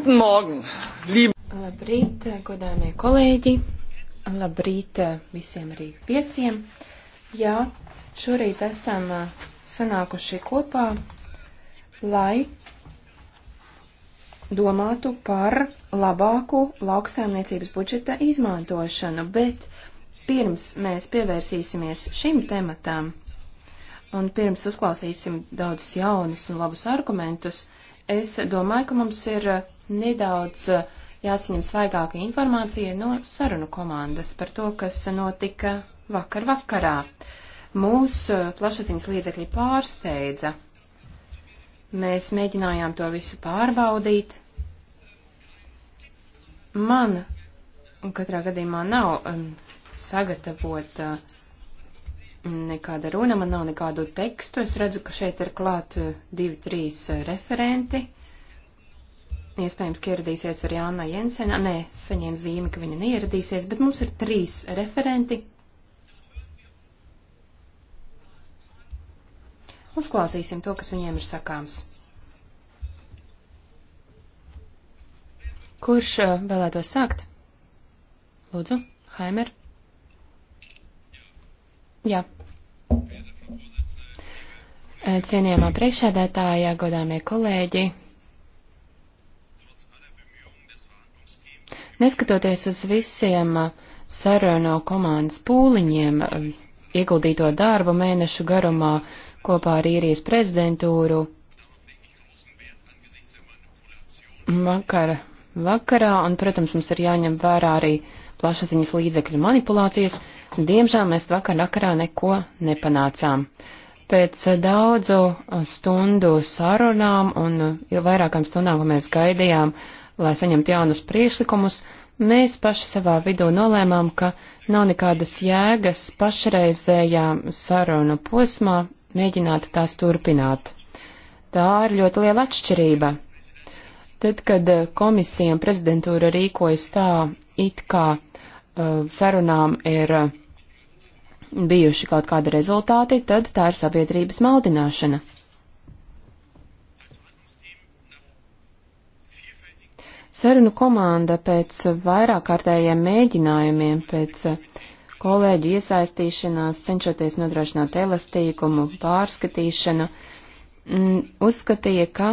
Guten Morgen, liebe. Labrīt, godāmie kolēģi. Labrīt visiem arī viesiem. Jā, šorīt esam sanākuši kopā, lai domātu par labāku lauksaimniecības budžeta izmantošanu, bet pirms mēs pievērsīsimies šim tematam un pirms uzklausīsim daudzus jaunus un labus argumentus, es domāju, ka mums ir nedaudz eh, jāsaņem svaigāka informācija no sarunu komandas par to, kas notika vakar vakarā. Mūs eh, plašsaziņas līdzekļi pārsteidza. Mēs mēģinājām to visu pārbaudīt. Man katrā gadījumā nav um, sagatavota uh, eh, nekāda runa, man nav nekādu tekstu. Es redzu, ka šeit ir klāt divi, trīs referenti. Iespējams, ka ieradīsies arī Anna Jensena. Nē, saņēma zīmi, ka viņa neieradīsies, bet mums ir trīs referenti. Uzklausīsim to, kas viņiem ir sakāms. Kurš eh, vēlētos sākt? Lūdzu, Haimer. Jā. Eh, cienījamā priekšēdētājā, godāmie kolēģi, Neskatoties uz visiem uh, sarunu komandas pūliņiem, uh, ieguldīto darbu mēnešu garumā kopā ar īrijas prezidentūru, vakar, vakarā, un, protams, mums ir jāņem vērā arī plašsaziņas līdzekļu manipulācijas, diemžēl mēs vakar vakarā neko nepanācām. Pēc uh, daudzu stundu sarunām un vairākām stundām, ko mēs gaidījām, uh, lai saņemtu jaunus priekšlikumus, mēs paši savā vidū nolēmām, ka nav nekādas jēgas pašreizējā sarunu posmā mēģināt tās turpināt. Tā ir ļoti liela atšķirība. Tad, kad komisija un prezidentūra rīkojas tā, it kā uh, sarunām ir uh, bijuši kaut kādi rezultāti, tad tā ir sabiedrības maldināšana. Sarunu komanda pēc vairākārtējiem mēģinājumiem, pēc kolēģu iesaistīšanās, cenšoties nodrošināt elastīgumu, pārskatīšanu, mm, uzskatīja, ka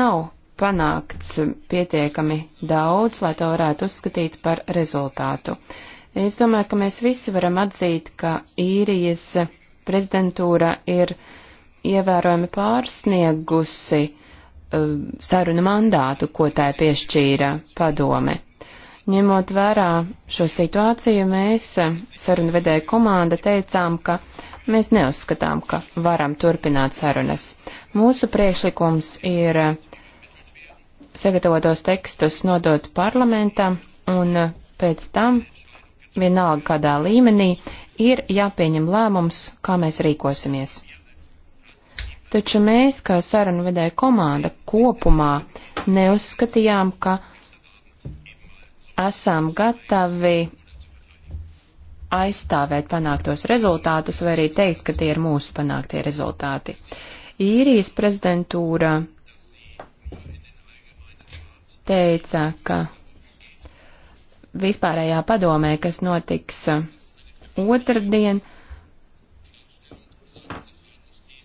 nav panākts pietiekami daudz, lai to varētu uzskatīt par rezultātu. Es domāju, ka mēs visi varam atzīt, ka īrijas prezidentūra ir ievērojami pārsniegusi uh, Eh, sarunu mandātu, ko tai piešķīra padome. Ņemot vērā šo situāciju, mēs eh, sarunu vedēja komanda teicām, ka mēs neuzskatām, ka varam turpināt sarunas. Mūsu priekšlikums ir eh, sagatavotos tekstus nodot parlamentam un pēc tam, vienalga kādā līmenī, ir jāpieņem lēmums, kā mēs rīkosimies. Taču mēs, kā sarunu vedēja komanda, kopumā neuzskatījām, ka esam gatavi aizstāvēt panāktos rezultātus vai arī teikt, ka tie ir mūsu panāktie rezultāti. Īrijas prezidentūra teica, ka vispārējā padomē, kas notiks otrdien, uh,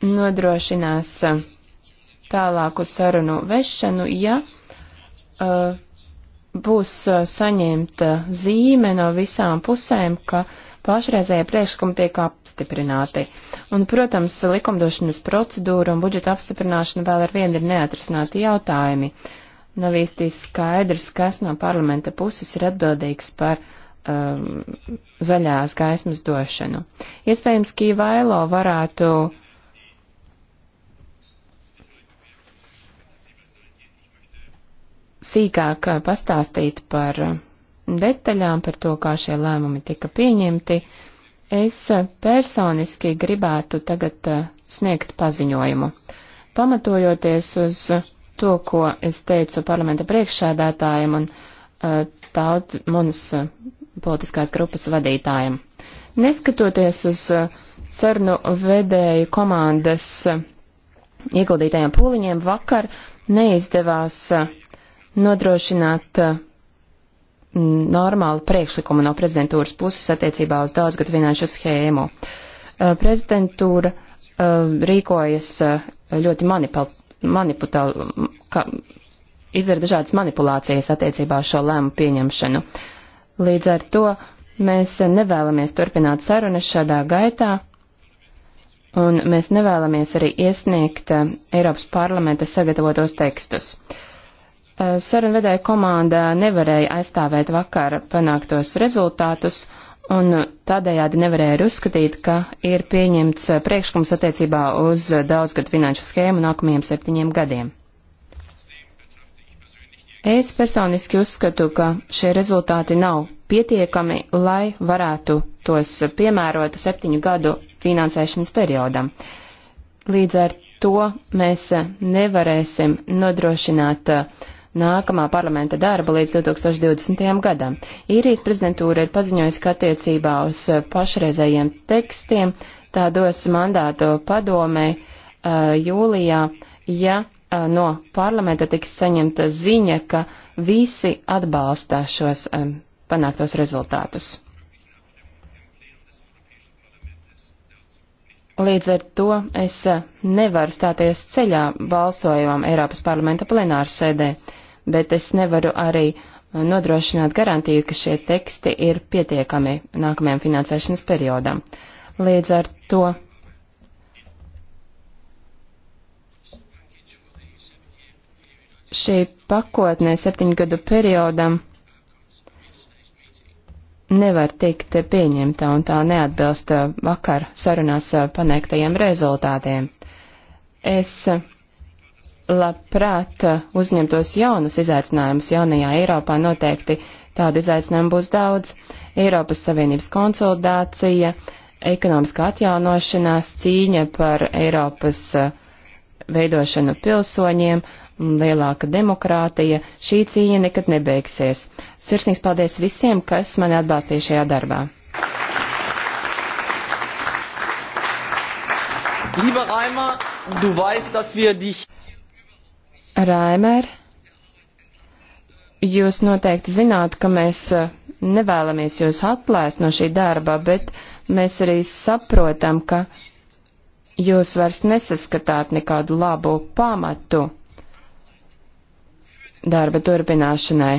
nodrošinās uh, tālāku sarunu vešanu, ja uh, būs uh, saņemta uh, zīme no visām pusēm, ka pašreizējie priekšlikumi tiek apstiprināti. Un, protams, likumdošanas procedūra un budžeta apstiprināšana vēl ar vienu ir neatrisināti jautājumi. Nav īsti skaidrs, kas no parlamenta puses ir atbildīgs par um, zaļās gaismas došanu. Iespējams, ka Ivailo varētu uh, sīkāk eh, pastāstīt par eh, detaļām, par to, kā šie lēmumi tika pieņemti, es eh, personiski gribētu tagad sniegt paziņojumu. Pamatojoties uz to, ko es teicu parlamenta priekšsēdētājiem un taut, manas politiskās grupas vadītājiem. Neskatoties uz sarunu vedēju komandas ieguldītajiem pūliņiem, vakar neizdevās uh, nodrošināt eh, normālu priekšlikumu no prezidentūras puses attiecībā uz daudzgadu finanšu schēmu. Eh, prezidentūra eh, rīkojas ļoti manipulatīvi, izdara dažādas manipulācijas attiecībā uz šo lēmu pieņemšanu. Līdz ar to mēs nevēlamies turpināt sarunas šādā gaitā, un mēs nevēlamies arī iesniegt Eiropas parlamenta sagatavotos tekstus. Uh, Eh, sarunvedēja komanda nevarēja aizstāvēt vakar panāktos rezultātus, un tādējādi nevarēja arī uzskatīt, ka ir pieņemts eh, priekšlikums attiecībā uz daudzgadu finanšu schēmu nākamajiem septiņiem gadiem. Es personiski uzskatu, ka šie rezultāti nav pietiekami, lai varētu tos piemērot septiņu gadu finansēšanas periodam. Līdz ar to mēs nevarēsim nodrošināt uh, nākamā parlamenta darba līdz 2020. gadam. Īrijas prezidentūra ir paziņojusi, ka attiecībā uz uh, pašreizējiem tekstiem tā dos mandātu padomē uh, jūlijā, ja uh, no parlamenta tiks saņemta ziņa, ka visi atbalsta šos um, panāktos rezultātus. Līdz ar to es nevaru stāties ceļā balsojumam Eiropas parlamenta plenāru sēdē bet es nevaru arī uh, nodrošināt garantiju, ka šie teksti ir pietiekami nākamajam finansēšanas periodam. Līdz ar to šī pakotnē septiņu gadu periodam nevar tikt pieņemta un tā neatbilst uh, vakar sarunās uh, paneiktajiem rezultātiem. Es labprāt uh, uzņemtos jaunus izaicinājumus jaunajā Eiropā. Noteikti tādu izaicinājumu būs daudz. Eiropas Savienības konsolidācija, ekonomiskā atjaunošanās, cīņa par Eiropas uh, veidošanu pilsoņiem, lielāka demokrātija. Šī cīņa nekad nebeigsies. Sirsnīgs paldies visiem, kas mani atbalstīja šajā darbā. Lieber Reimer, du weißt, dass wir dich Raimer, jūs noteikti zināt, ka mēs eh, nevēlamies jūs atlaist no šī darba, bet mēs arī saprotam, ka jūs vairs nesaskatāt nekādu labu pamatu darba turpināšanai.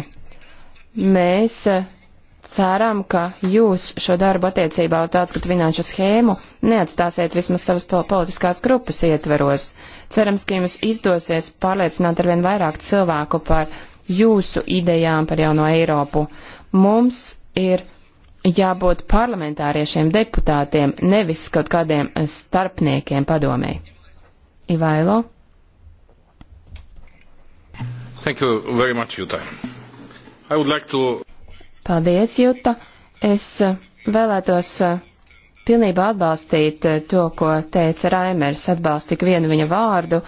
Mēs eh, ceram, ka jūs šo darbu attiecībā uz daudzgadu finanšu schēmu neatstāsiet vismaz savas politiskās grupas ietveros. Uh, Cerams, ka jums izdosies pārliecināt arvien vairāk cilvēku par jūsu idejām par jauno Eiropu. Mums ir jābūt parlamentāriešiem deputātiem, nevis kaut kādiem starpniekiem padomēji. Ivailo. Thank you very much, Juta. I would like to... Paldies, Juta. Es eh, vēlētos uh, pilnībā atbalstīt eh, to, ko teica Raimers, atbalstu tik vienu viņa vārdu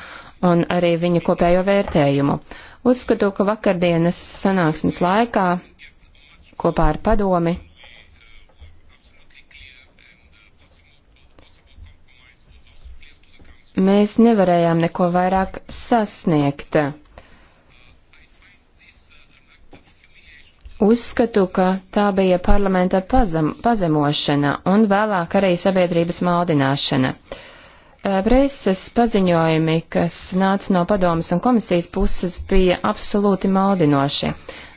un arī viņa kopējo vērtējumu. Uzskatu, ka vakardienas sanāksmes laikā kopā ar padomi mēs nevarējām neko vairāk sasniegt Uzskatu, ka tā bija parlamenta pazem, pazemošana un vēlāk arī sabiedrības maldināšana. Preses paziņojumi, kas nāca no padomas un komisijas puses, bija absolūti maldinoši.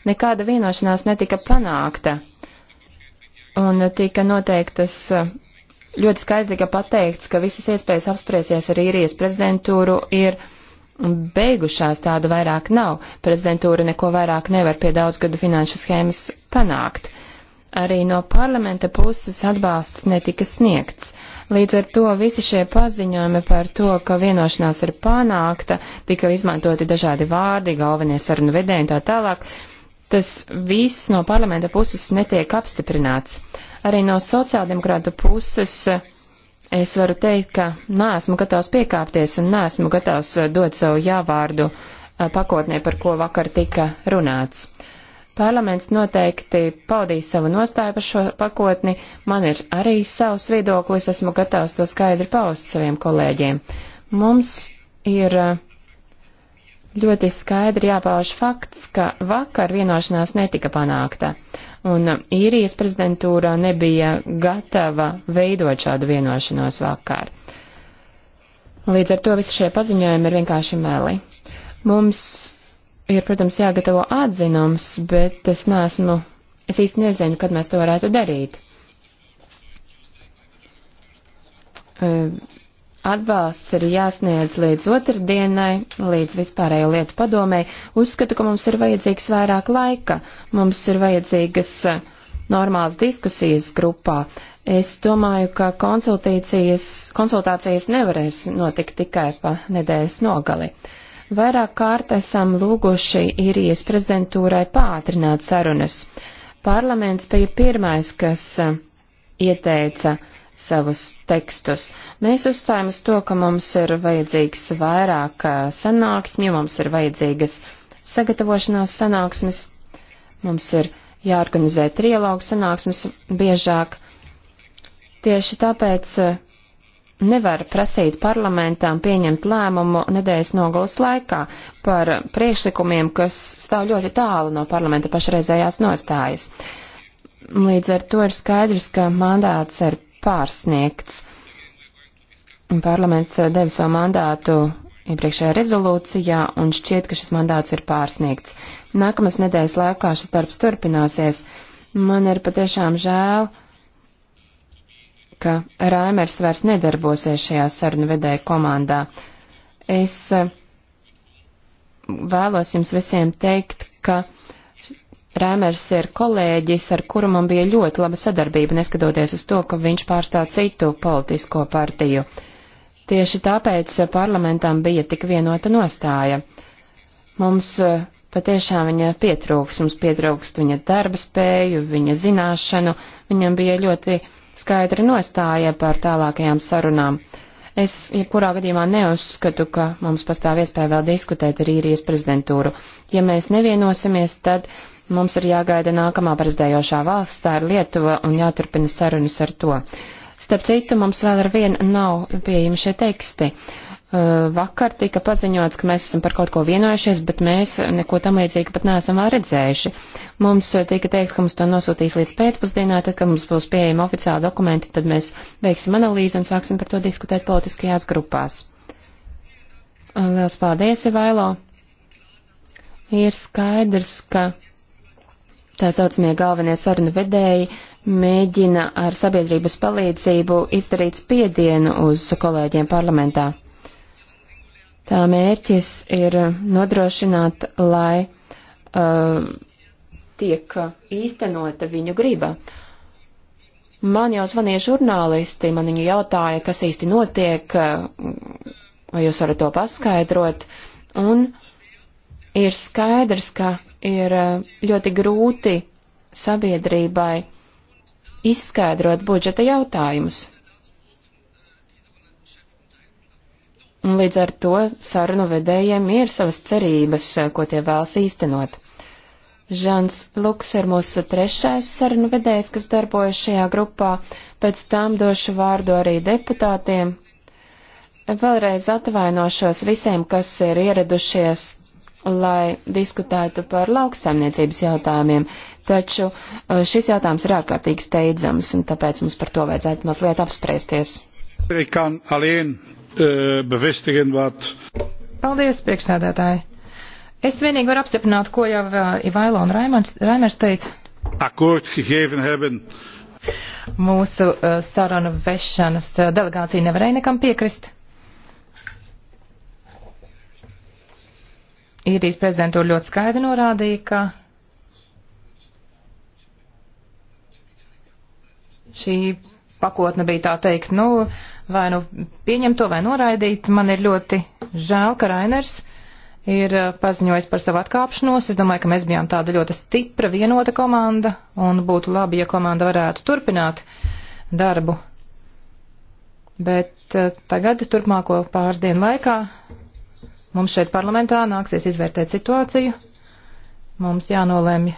Nekāda vienošanās netika panākta un tika noteiktas, ļoti skaidri tika pateikts, ka visas iespējas apspriesties ar īrijas prezidentūru ir beigušās, tādu vairāk nav. Prezidentūra neko vairāk nevar pie daudzgadu finanšu schēmas panākt. Arī no parlamenta puses atbalsts netika sniegts. Līdz ar to visi šie paziņojumi par to, ka vienošanās ir panākta, tika izmantoti dažādi vārdi, galvenie sarunu vedēji un tā tālāk. Tas viss no parlamenta puses netiek apstiprināts. Arī no sociāldemokrāta puses uh, es varu teikt, ka neesmu gatavs piekāpties un neesmu gatavs eh, dot savu jāvārdu eh, pakotnē, par ko vakar tika runāts. Parlaments noteikti paudīs savu nostāju par šo pakotni, man ir arī savs viedoklis, esmu gatavs to skaidri paust saviem kolēģiem. Mums ir eh, ļoti skaidri jāpauž fakts, ka vakar vienošanās netika panākta. Uh, un um, īrijas prezidentūra nebija gatava veidot šādu vienošanos vakar. Līdz ar to visi šie paziņojumi ir vienkārši meli. Mums ir, protams, jāgatavo atzinums, bet es neesmu, es īsti nezinu, kad mēs to varētu darīt. Uh, Atbalsts ir jāsniedz līdz otrdienai, līdz vispārējo lietu padomē. Uzskatu, ka mums ir vajadzīgs vairāk laika, mums ir vajadzīgas eh, normālas diskusijas grupā. Es domāju, ka konsultācijas nevarēs notikt tikai pa nedēļas nogali. Vairāk kārt esam lūguši īrijas prezidentūrai pātrināt sarunas. Parlaments bija pirmais, kas eh, ieteica savus tekstus. Mēs uzstājam uz to, ka mums ir vajadzīgs vairāk sanāksmju, mums ir vajadzīgas sagatavošanās sanāksmes, mums ir jāorganizē trialogu sanāksmes biežāk. Tieši tāpēc nevar prasīt parlamentām pieņemt lēmumu nedēļas nogalas laikā par priekšlikumiem, kas stāv ļoti tālu no parlamenta pašreizējās nostājas. Līdz ar to ir skaidrs, ka mandāts ir pārsniegts. Parlaments deva savu mandātu iepriekšējā rezolūcijā, un šķiet, ka šis mandāts ir pārsniegts. Nākamās nedēļas laikā šis darbs turpināsies. Man ir patiešām žēl, ka Raimers vairs nedarbosies šajā sarunu vedēja komandā. Es eh, vēlos jums visiem teikt, ka uh, Rēmers ir kolēģis, ar kuru man bija ļoti laba sadarbība, neskatoties uz to, ka viņš pārstāv citu politisko partiju. Tieši tāpēc parlamentam bija tik vienota nostāja. Mums eh, patiešām viņa pietrūks, mums pietrūkst viņa darba spēju, viņa zināšanu, viņam bija ļoti skaidra nostāja par tālākajām sarunām. Es, ja kurā gadījumā neuzskatu, ka mums pastāv iespēja vēl diskutēt ar īrijas prezidentūru. Ja mēs nevienosimies, tad Mums ir jāgaida nākamā prezidējošā valsts, tā ir Lietuva, un jāturpina sarunas ar to. Starp citu, mums vēl ar vienu nav pieejami šie teksti. Uh, vakar tika paziņots, ka mēs esam par kaut ko vienojušies, bet mēs neko tam līdzīgu pat neesam vēl redzējuši. Mums uh, tika teikt, ka mums to nosūtīs līdz pēcpusdienā, tad, kad mums būs pieejami oficiāli dokumenti, tad mēs veiksim analīzi un sāksim par to diskutēt politiskajās grupās. Uh, Lielas paldies, Ivailo! Ir skaidrs, ka tā saucamie galvenie sarunu vedēji mēģina ar sabiedrības palīdzību izdarīt spiedienu uz kolēģiem parlamentā. Tā mērķis ir nodrošināt, lai uh, tiek īstenota viņu griba. Man jau zvanīja žurnālisti, man viņu jautāja, kas īsti notiek, uh, vai jūs varat to paskaidrot, un ir skaidrs, ka ir eh, ļoti grūti sabiedrībai izskaidrot budžeta jautājumus. Un līdz ar to sarunu vedējiem ir savas cerības, eh, ko tie vēlas īstenot. Žans Luks ir mūsu trešais sarunu vedējs, kas darbojas šajā grupā, pēc tam došu vārdu arī deputātiem. Vēlreiz atvainošos visiem, kas ir ieradušies lai diskutētu par lauksaimniecības jautājumiem, taču eh, šis jautājums ir ārkārtīgi steidzams, un tāpēc mums par to vajadzētu mazliet apspriesties. Eh, Paldies, priekšsēdētāji! Es vienīgi varu apstiprināt, ko jau eh, Ivailo un Raimers, Raimers teica. Akord gegeven hebben. Mūsu uh, sarunu vešanas delegācija nevarēja nekam piekrist. Īrijas prezidentūra ļoti skaidri norādīja, ka šī pakotne bija tā teikt, nu, vai nu pieņemt to vai noraidīt. Man ir ļoti žēl, ka Rainers ir uh, paziņojis par savu atkāpšanos. Es domāju, ka mēs bijām tāda ļoti stipra, vienota komanda, un būtu labi, ja komanda varētu turpināt darbu. Bet uh, tagad, turpmāko pāris dienu laikā, Mums šeit parlamentā nāksies izvērtēt situāciju. Mums jānolēmj,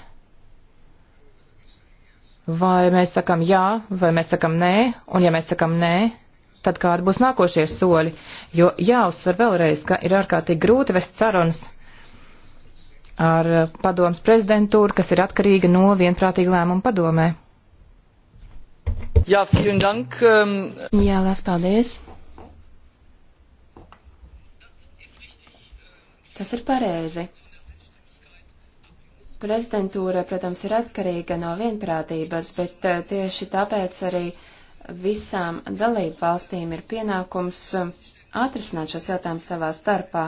vai mēs sakam jā, vai mēs sakam nē, un ja mēs sakam nē, tad kādi būs nākošie soļi, jo jāuzsver vēlreiz, ka ir ārkārtīgi grūti vest sarunas ar padomas prezidentūru, kas ir atkarīga no vienprātīga lēmuma padomē. Jā, vielen dank. Um... Jā, lās paldies. Tas ir pareizi. Prezidentūra, protams, ir atkarīga no vienprātības, bet eh, tieši tāpēc arī visām dalību valstīm ir pienākums eh, atrisināt šos jautājumus savā starpā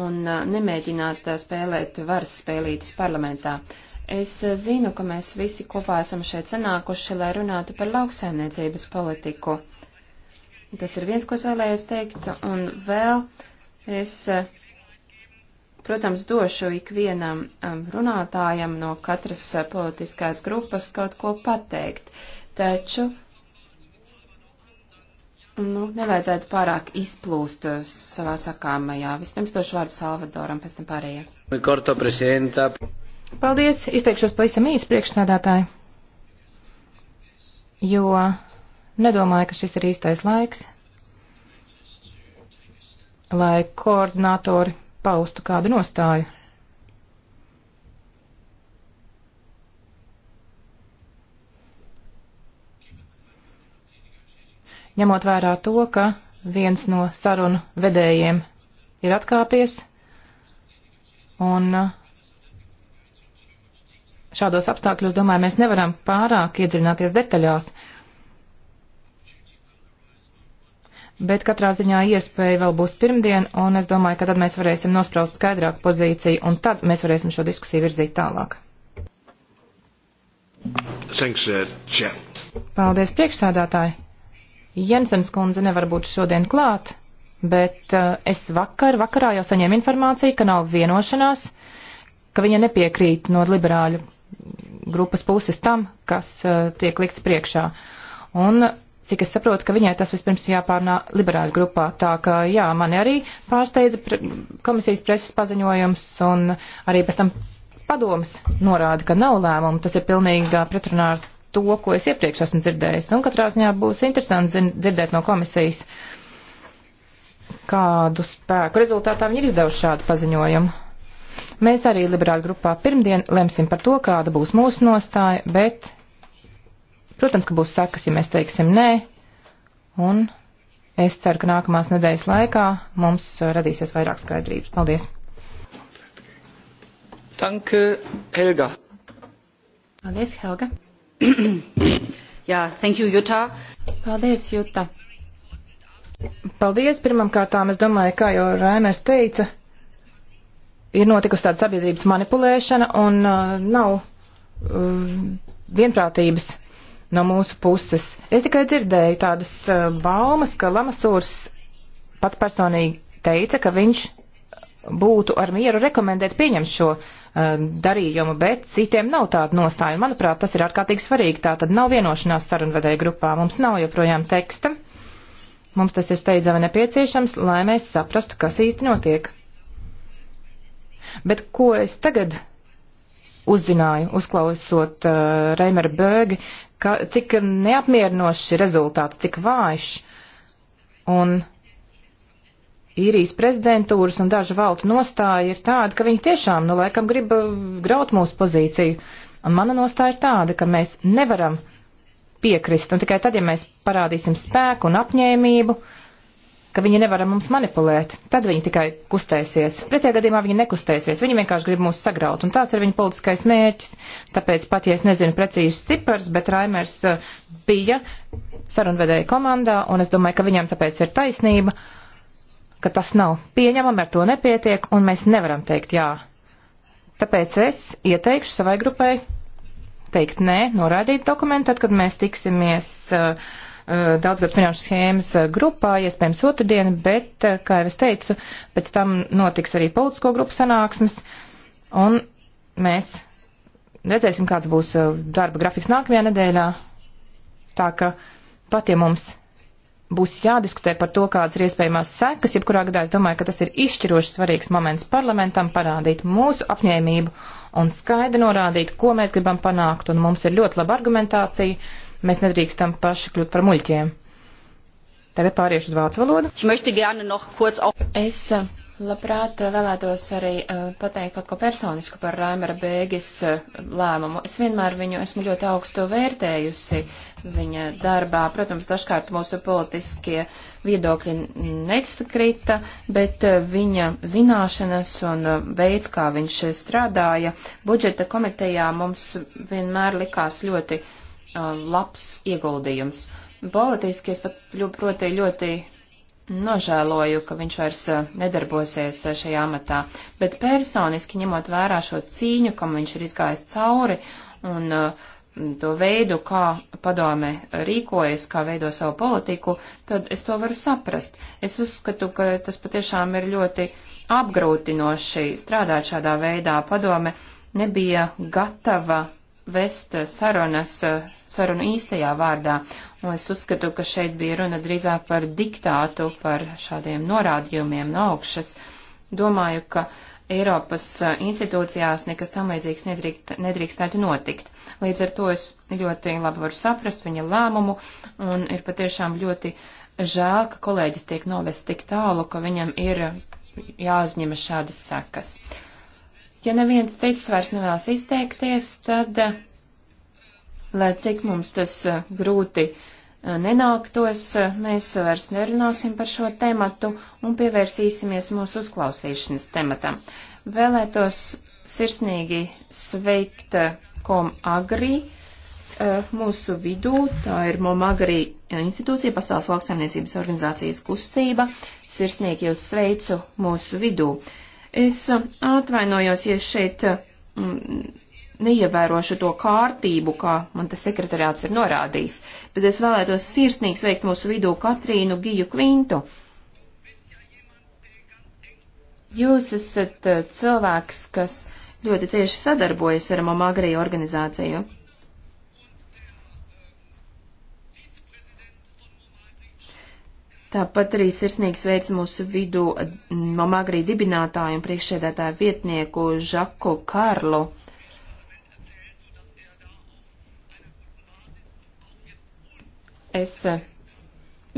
un eh, nemēģināt spēlēt varas spēlītas parlamentā. Es zinu, ka mēs visi kopā esam šeit sanākuši, lai runātu par lauksaimniecības politiku. Tas ir viens, ko es vēlējos teikt, un vēl es Protams, došu ikvienam um, runātājam no katras uh, politiskās grupas kaut ko pateikt, taču nu, nevajadzētu pārāk izplūst uh, savā sakāmajā. Vispirms došu vārdu Salvadoram, pēc tam pārējiem. Paldies, izteikšos pavisam īsi priekšsādātāji, jo nedomāju, ka šis ir īstais laiks, lai koordinātori paustu kādu nostāju. Ņemot vērā to, ka viens no sarunu vedējiem ir atkāpies, un uh, šādos apstākļos, domāju, mēs nevaram pārāk iedzināties detaļās. Uh, Bet katrā ziņā iespēja vēl būs pirmdien, un es domāju, ka tad mēs varēsim nospraust skaidrāku pozīciju, un tad mēs varēsim šo diskusiju virzīt tālāk. Thanks, uh, Paldies, priekšsādātāji! Jensens kundze nevar būt šodien klāt, bet uh, es vakar, vakarā jau saņēmu informāciju, ka nav vienošanās, ka viņa nepiekrīt no liberāļu grupas puses tam, kas uh, tiek likts priekšā. Un uh, cik es saprotu, ka viņai tas vispirms jāpārnā liberāļu grupā. Tā ka, jā, mani arī pārsteidza pre komisijas preses paziņojums un arī pēc tam padomas norāda, ka nav lēmumu. Tas ir pilnīgi pretrunā ar to, ko es iepriekš esmu dzirdējis. Un katrā ziņā būs interesanti dzirdēt no komisijas, kādu spēku rezultātā viņi ir izdevuši šādu paziņojumu. Mēs arī liberāļu grupā pirmdien lemsim par to, kāda būs mūsu nostāja, bet Protams, ka būs sakas, ja mēs teiksim nē, un es ceru, ka nākamās nedēļas laikā mums uh, radīsies vairāk skaidrības. Paldies! Danke, Helga! Paldies, Helga! Jā, yeah, thank you, Jutta! Paldies, Jutta! Paldies, pirmkārtām, es domāju, kā jau Raimers teica, ir notikusi tāda sabiedrības manipulēšana un uh, nav uh, vienprātības no mūsu puses. Es tikai dzirdēju tādas e, baumas, ka Lamasūrs pats personīgi teica, ka viņš būtu ar mieru rekomendēt pieņemt šo uh, darījumu, bet citiem nav tāda nostāja. Manuprāt, tas ir ārkārtīgi svarīgi. Tā tad nav vienošanās sarunvedēju grupā. Mums nav joprojām teksta. Mums tas ir steidzami nepieciešams, lai mēs saprastu, kas īsti notiek. Bet ko es tagad uzzināju, uzklausot uh, Reimera Bēgi, ka, cik neapmierinoši rezultāti, cik vājš. Un īrijas prezidentūras un dažu valstu nostāja ir tāda, ka viņi tiešām, nu, laikam grib uh, graut mūsu pozīciju. Un mana nostāja ir tāda, ka mēs nevaram piekrist, un tikai tad, ja mēs parādīsim spēku un apņēmību, uh, ka viņi nevar mums manipulēt, tad viņi tikai kustēsies. Pretējā gadījumā viņi nekustēsies, viņi vienkārši grib mūs sagraut, un tāds ir viņa politiskais mērķis. Tāpēc pat, ja es nezinu precīzi cipars, bet Raimers eh, bija sarunvedēja komandā, un es domāju, ka viņam tāpēc ir taisnība, ka tas nav pieņemami, ar to nepietiek, un mēs nevaram teikt jā. Tāpēc es ieteikšu savai grupai teikt nē, norādīt dokumentu, tad, kad mēs tiksimies. Uh, Eh, daudzgad finanšu schēmas eh, grupā, iespējams otrdien, bet, eh, kā jau es teicu, pēc tam notiks arī politisko grupu sanāksmes, un mēs redzēsim, kāds būs darba grafiks nākamajā nedēļā. Tā ka pat ja mums būs jādiskutē par to, kādas ir iespējamās sekas, jebkurā gadā es domāju, ka tas ir izšķiroši svarīgs moments parlamentam parādīt mūsu apņēmību un skaidri norādīt, ko mēs gribam panākt, un mums ir ļoti laba argumentācija Mēs nedrīkstam paši kļūt par muļķiem. Tagad pāriešu uz vācu valodu. Es eh, labprāt eh, vēlētos arī eh, pateikt kaut ko personisku par Raimera Bēgis lēmumu. Es vienmēr viņu esmu ļoti augstu vērtējusi viņa darbā. Protams, dažkārt mūsu politiskie viedokļi nesakrita, bet viņa zināšanas un veids, kā viņš strādāja budžeta komitejā, mums vienmēr likās ļoti Uh, labs ieguldījums. Politiski es pat ļoti, ļoti nožēloju, ka viņš vairs uh, nedarbosies uh, šajā amatā, bet personiski ņemot vērā šo cīņu, kam viņš ir izgājis cauri un to veidu, kā padome rīkojas, kā veido savu politiku, tad es to varu saprast. Es uzskatu, ka tas patiešām ir ļoti apgrūtinoši strādāt šādā veidā. Padome nebija gatava vest sarunas sarunu īstajā vārdā. Un es uzskatu, ka šeit bija runa drīzāk par diktātu, par šādiem norādījumiem no augšas. Domāju, ka Eiropas eh, institūcijās nekas tam līdzīgs nedrīkst, nedrīkstētu notikt. Līdz ar to es ļoti labi varu saprast viņa lēmumu un ir patiešām ļoti žēl, ka kolēģis tiek novests tik tālu, ka viņam ir jāuzņem šādas sekas. Ja neviens cits vairs nevēlas izteikties, tad lai cik mums tas eh, grūti eh, nenāktos, eh, mēs vairs nerunāsim par šo tematu un pievērsīsimies mūsu uzklausīšanas tematam. Vēlētos sirsnīgi sveikt kom agri mūsu vidū, tā ir Momagri institūcija, pasaules lauksaimniecības organizācijas kustība. Sirsnīgi jūs sveicu mūsu vidū. Es atvainojos, ja šeit neievērošu to kārtību, kā man tas sekretariāts ir norādījis, bet es vēlētos sirsnīgi sveikt mūsu vidū Katrīnu Giju Kvintu. Jūs esat eh, cilvēks, kas ļoti cieši sadarbojas ar Mamagriju organizāciju. Tāpat arī sirsnīgi sveic mūsu vidu eh, Mamagrī dibinātāju un priekšsēdētāju vietnieku Žaku Karlu. Es eh,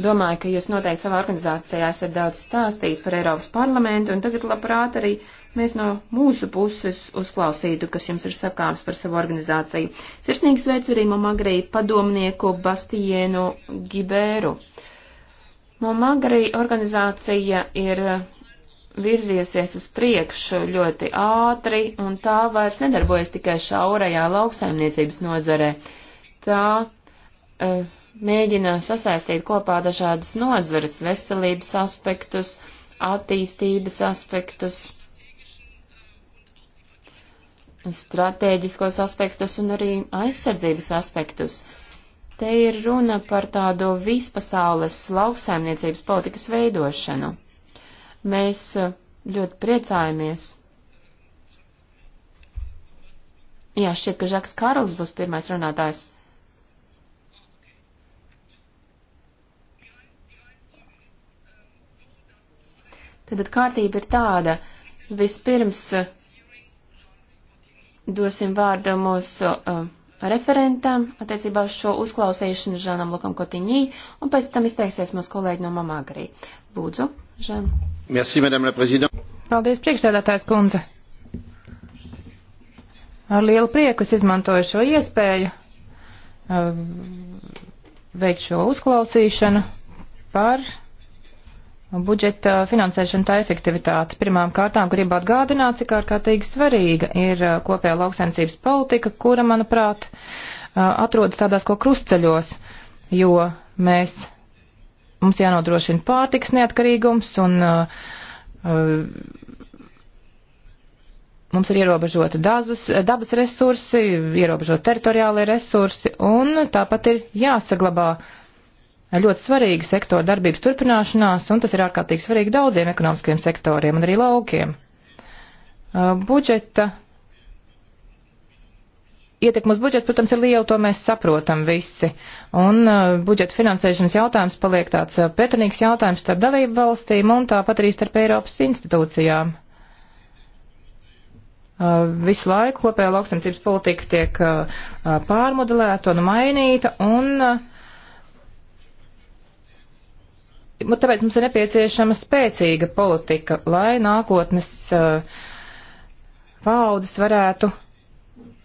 domāju, ka jūs noteikti savā organizācijā esat daudz stāstījis par Eiropas parlamentu, un tagad labprāt arī mēs no mūsu puses uzklausītu, kas jums ir sakāms par savu organizāciju. Sirsnīgi sveicu arī Momagri padomnieku Bastienu Gibēru. Momagri organizācija ir eh, virzījusies uz priekšu ļoti ātri, un tā vairs nedarbojas tikai šaurajā lauksaimniecības nozarē. Tā uh, mēģina sasaistīt kopā dažādas nozares - veselības aspektus, attīstības aspektus, stratēģiskos aspektus un arī aizsardzības aspektus. Te ir runa par tādu vispasaules lauksaimniecības politikas veidošanu. Mēs uh, ļoti priecājamies. Jā, šķiet, ka Žaks Karls būs pirmais runātājs. Tad kārtība ir tāda. Vispirms eh, dosim vārdu mūsu uh, referentam attiecībā uz šo uzklausīšanu Žanam Lukam Kotiņī, un pēc tam izteiksies mūsu kolēģi no Mamāgarī. Lūdzu, Žan. Merci, madame la présidente. Paldies, priekšsēdētājs kundze. Ar lielu prieku es izmantoju šo iespēju uh, veikt šo uzklausīšanu par budžeta finansēšana tā efektivitāte. Pirmām kārtām gribu atgādināt, cik ārkārtīgi svarīga ir uh, kopējā lauksaimniecības politika, kura, manuprāt, uh, atrodas tādās ko krustceļos, jo mēs, mums jānodrošina pārtiks neatkarīgums un uh, mums ir ierobežota dazas, dabas resursi, ierobežota teritoriālai resursi un tāpat ir jāsaglabā ļoti svarīga sektora darbības turpināšanās, un tas ir ārkārtīgi svarīgi daudziem ekonomiskiem sektoriem un arī laukiem. Uh, budžeta ietekme uz budžetu, protams, ir liela, to mēs saprotam visi. Un uh, budžeta finansēšanas jautājums paliek tāds uh, pretrunīgs jautājums starp dalību valstīm un tāpat arī starp Eiropas institūcijām. Uh, visu laiku kopējā lauksamcības politika tiek uh, uh, pārmodelēta un mainīta, un uh, Tāpēc mums ir nepieciešama spēcīga politika, lai nākotnes paudzes uh, varētu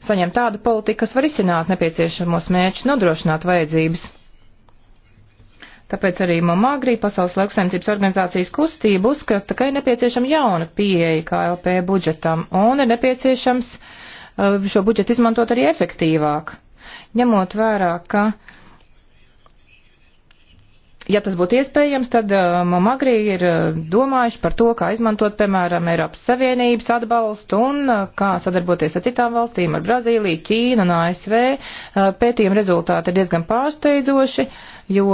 saņemt tādu politiku, kas var izsināt nepieciešamos mērķus, nodrošināt vajadzības. Tāpēc arī Mamāgrī Pasaules lauksaimniecības organizācijas kustība uzskata, ka ir nepieciešama jauna pieeja KLP budžetam un ir nepieciešams uh, šo budžetu izmantot arī efektīvāk, ņemot vērā, ka uh, ja tas būtu iespējams, tad uh, Mamagri ir uh, domājuši par to, kā izmantot, piemēram, Eiropas Savienības atbalstu un uh, kā sadarboties ar citām valstīm, ar Brazīliju, Ķīnu un ASV. Pētījuma rezultāti ir diezgan pārsteidzoši, jo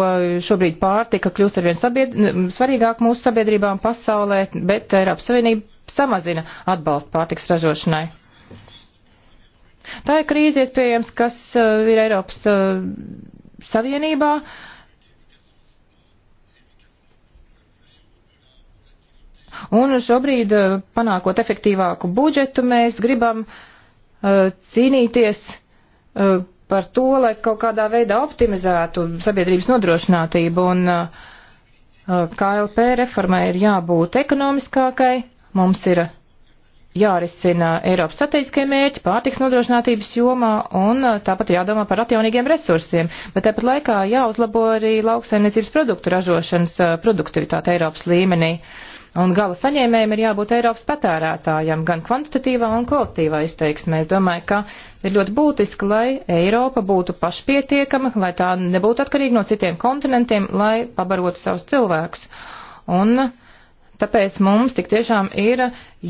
šobrīd pārtika kļūst arvien sabied... svarīgāk mūsu sabiedrībām pasaulē, bet Eiropas Savienība samazina atbalstu pārtiks ražošanai. Tā ir krīze, iespējams, kas ir Eiropas Savienībā. Uh, Un šobrīd, eh, panākot efektīvāku budžetu, mēs gribam uh, cīnīties uh, par to, lai kaut kādā veidā optimizētu sabiedrības nodrošinātību. Un uh, KLP reformai ir jābūt ekonomiskākai, mums ir jārisina Eiropas strateģiskie mērķi pārtiks nodrošinātības jomā un tāpat jādomā par atjaunīgiem resursiem, bet tāpat laikā jāuzlabo arī lauksaimniecības produktu ražošanas produktivitāte Eiropas līmenī. Uh, Un gala saņēmējiem ir jābūt Eiropas patērētājiem gan kvantitatīvā un kvalitīvā izteiksmē. Es domāju, ka ir ļoti būtiski, lai Eiropa būtu pašpietiekama, lai tā nebūtu atkarīga no citiem kontinentiem, lai pabarotu savus cilvēkus. Un tāpēc mums tik tiešām ir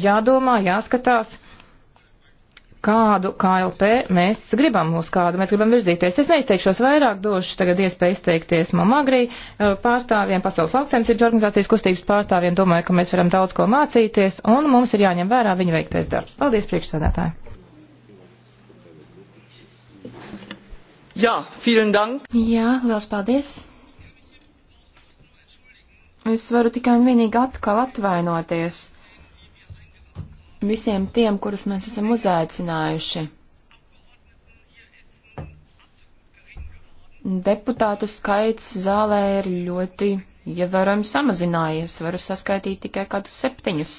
jādomā, jāskatās kādu KLP mēs gribam, uz kādu mēs gribam virzīties. Es neizteikšos vairāk, došu tagad iespēju izteikties Mamagrī eh, pārstāvjiem, pasaules lauksaimniecības organizācijas kustības pārstāvjiem. Domāju, ka mēs varam daudz ko mācīties, un mums ir jāņem vērā viņu veiktais darbs. Paldies, priekšsēdētāji! Jā, vielen dank! Jā, liels paldies! Es varu tikai un vienīgi atkal atvainoties visiem tiem, kurus mēs esam uzaicinājuši. Deputātu skaits zālē ir ļoti ievērojami ja samazinājies, varu saskaitīt tikai kādu septiņus.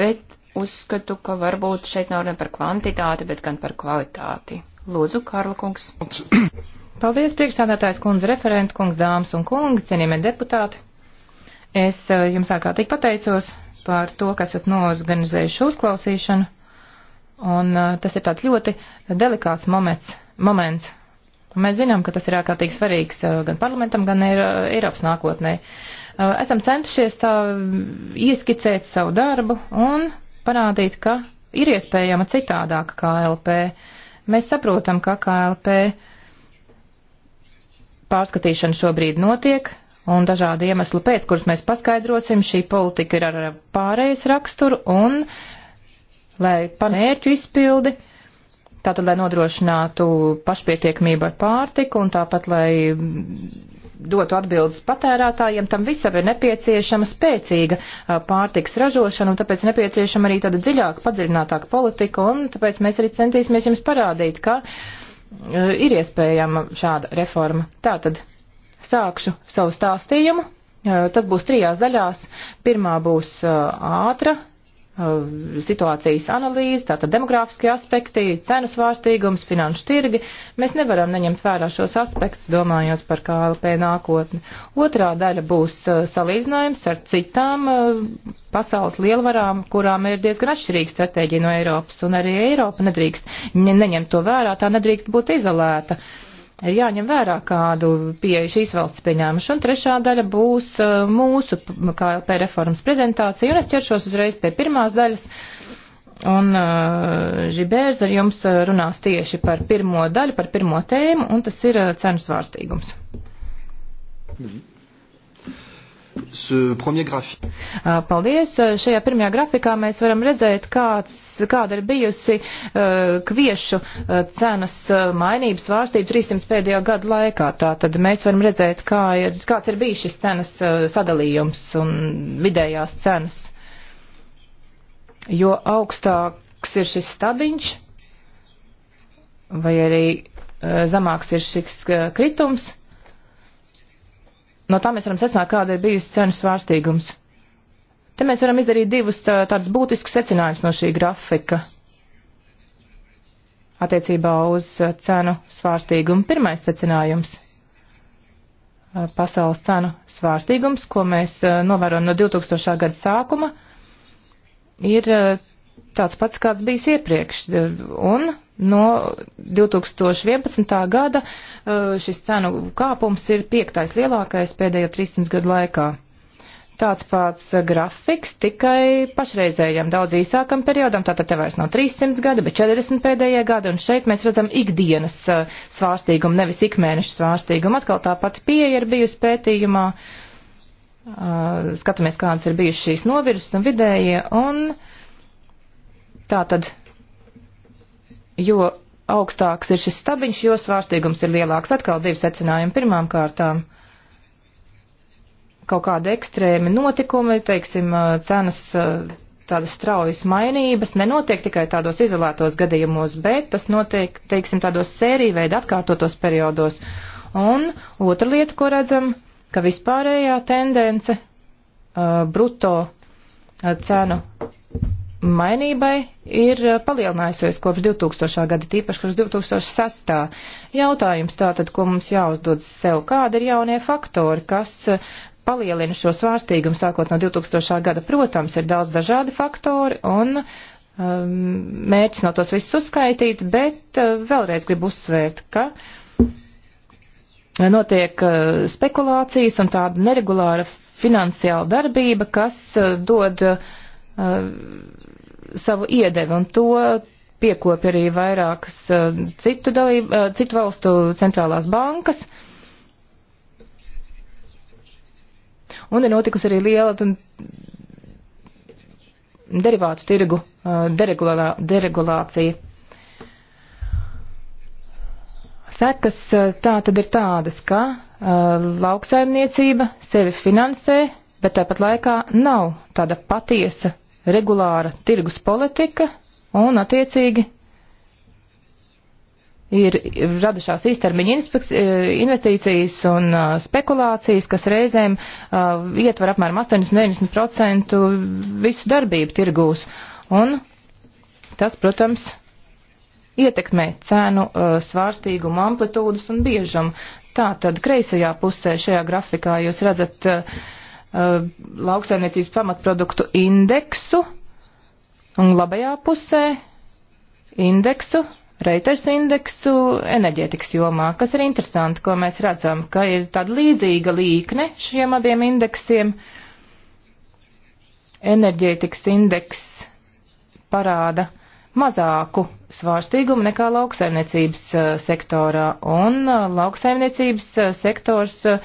Bet uzskatu, ka varbūt šeit nav runa par kvantitāti, bet gan par kvalitāti. Lūdzu, Kārla kungs. Paldies, priekšstādātājs kundze, referent kungs, dāmas un kungi, cienījamie deputāti. Es eh, jums ārkārtīgi pateicos par to, ka esat norganizējuši uzklausīšanu. Un uh, tas ir tāds ļoti delikāts moments. moments. Mēs zinām, ka tas ir ārkārtīgi svarīgs uh, gan parlamentam, gan Eiropas nākotnē. Uh, esam centušies tā ieskicēt savu darbu un parādīt, ka ir iespējama citādāka KLP. Mēs saprotam, ka KLP pārskatīšana šobrīd notiek, un dažādu iemeslu pēc, kurus mēs paskaidrosim, šī politika ir ar pārējais raksturu un, lai panērķu izpildi, tātad, lai nodrošinātu pašpietiekamību ar pārtiku un tāpat, lai dotu atbildes patērētājiem, tam visam ir nepieciešama spēcīga pārtiks ražošana, un tāpēc nepieciešama arī tāda dziļāka, padziļinātāka politika, un tāpēc mēs arī centīsimies jums parādīt, ka ir iespējama šāda reforma. Tātad sākšu savu stāstījumu. Tas būs trijās daļās. Pirmā būs ātra situācijas analīze, tātad demogrāfiskie aspekti, cenu svārstīgums, finanšu tirgi. Mēs nevaram neņemt vērā šos aspektus, domājot par KLP nākotni. Otrā daļa būs salīdzinājums ar citām pasaules lielvarām, kurām ir diezgan atšķirīga stratēģija no Eiropas, un arī Eiropa nedrīkst neņemt to vērā, tā nedrīkst būt izolēta. Uh, ir jāņem vērā, kādu pieeju šīs valsts pieņēmuši, un trešā daļa būs uh, mūsu KLP reformas prezentācija, un es ķeršos uzreiz pie pirmās daļas, un uh, Žibērs ar jums uh, runās tieši par pirmo daļu, par pirmo tēmu, un tas ir cenu svārstīgums. Mm -hmm. Ah, paldies! Šajā pirmajā grafikā mēs varam redzēt, kāds, kāda ir bijusi uh, kviešu uh, cenas uh, mainības vārstība 300 pēdējā gada laikā. Tātad mēs varam redzēt, kā ir, kāds ir bijis šis cenas uh, sadalījums un vidējās cenas. Jo augstāks ir šis stabiņš, vai arī uh, zemāks ir šis uh, kritums, no tā mēs varam secināt, kāda ir bijusi cenu svārstīgums. Te mēs varam izdarīt divus tā, tādus būtiskus secinājumus no šī grafika attiecībā uz uh, cenu svārstīgumu. Pirmais secinājums uh, - pasaules cenu svārstīgums, ko mēs uh, novērojam no 2000. gada sākuma, ir tāds pats, kāds bijis iepriekš. Un No 2011. gada uh, šis cenu kāpums ir piektais lielākais pēdējo 300 gadu laikā. Tāds pats uh, grafiks tikai pašreizējam daudz īsākam periodam, tātad te vairs nav 300 gada, bet 40 pēdējie gadi, un šeit mēs redzam ikdienas uh, svārstīgumu, nevis ikmēneša svārstīgumu. Atkal tā pati pieeja ir bijusi pētījumā, skatāmies, kādas ir bijušas šīs novirzes un vidējie, un tātad jo augstāks ir šis stabiņš, jo svārstīgums ir lielāks. Atkal divi secinājumi. Pirmām kārtām kaut kādi ekstrēmi notikumi, teiksim, cenas tādas straujas mainības nenotiek tikai tādos izolētos gadījumos, bet tas notiek, teiksim, tādos sēriju veida atkārtotos periodos. Un otra lieta, ko redzam, ka vispārējā tendence uh, bruto uh, cenu mainībai ir eh, palielinājusies kopš 2000. gada, tīpaši kopš 2006. Jautājums tātad, ko mums jāuzdod sev, kāda ir jaunie faktori, kas eh, palielina šo svārstīgumu sākot no 2000. gada. Protams, ir daudz dažādi faktori un um, mērķis nav tos visus uzskaitīt, bet uh, vēlreiz gribu uzsvērt, ka notiek uh, spekulācijas un tāda neregulāra finansiāla darbība, kas uh, dod uh, savu iedevi, un to piekopja arī vairākas uh, citu, dalību, uh, citu valstu centrālās bankas. Un ir notikusi arī liela derivātu tirgu uh, deregulā, deregulācija. Sekas tā tad ir tādas, ka lauksaimniecība sevi finansē, bet tāpat laikā nav tāda patiesa regulāra tirgus politika un attiecīgi ir radušās īstermiņa e, investīcijas un e, spekulācijas, kas reizēm e, ietver apmēram 80-90% visu darbību tirgūs. Un tas, protams, ietekmē cēnu svārstīgumu, amplitūdus un biežumu. Tā tad kreisajā pusē šajā grafikā jūs redzat uh, Uh, lauksaimniecības pamatproduktu indeksu un labajā pusē indeksu, reiters indeksu enerģētikas jomā, kas ir interesanti, ko mēs redzam, ka ir tāda līdzīga līkne šiem abiem indeksiem. Enerģētikas indeks parāda mazāku svārstīgumu nekā lauksaimniecības uh, sektorā, un uh, lauksaimniecības sektors uh,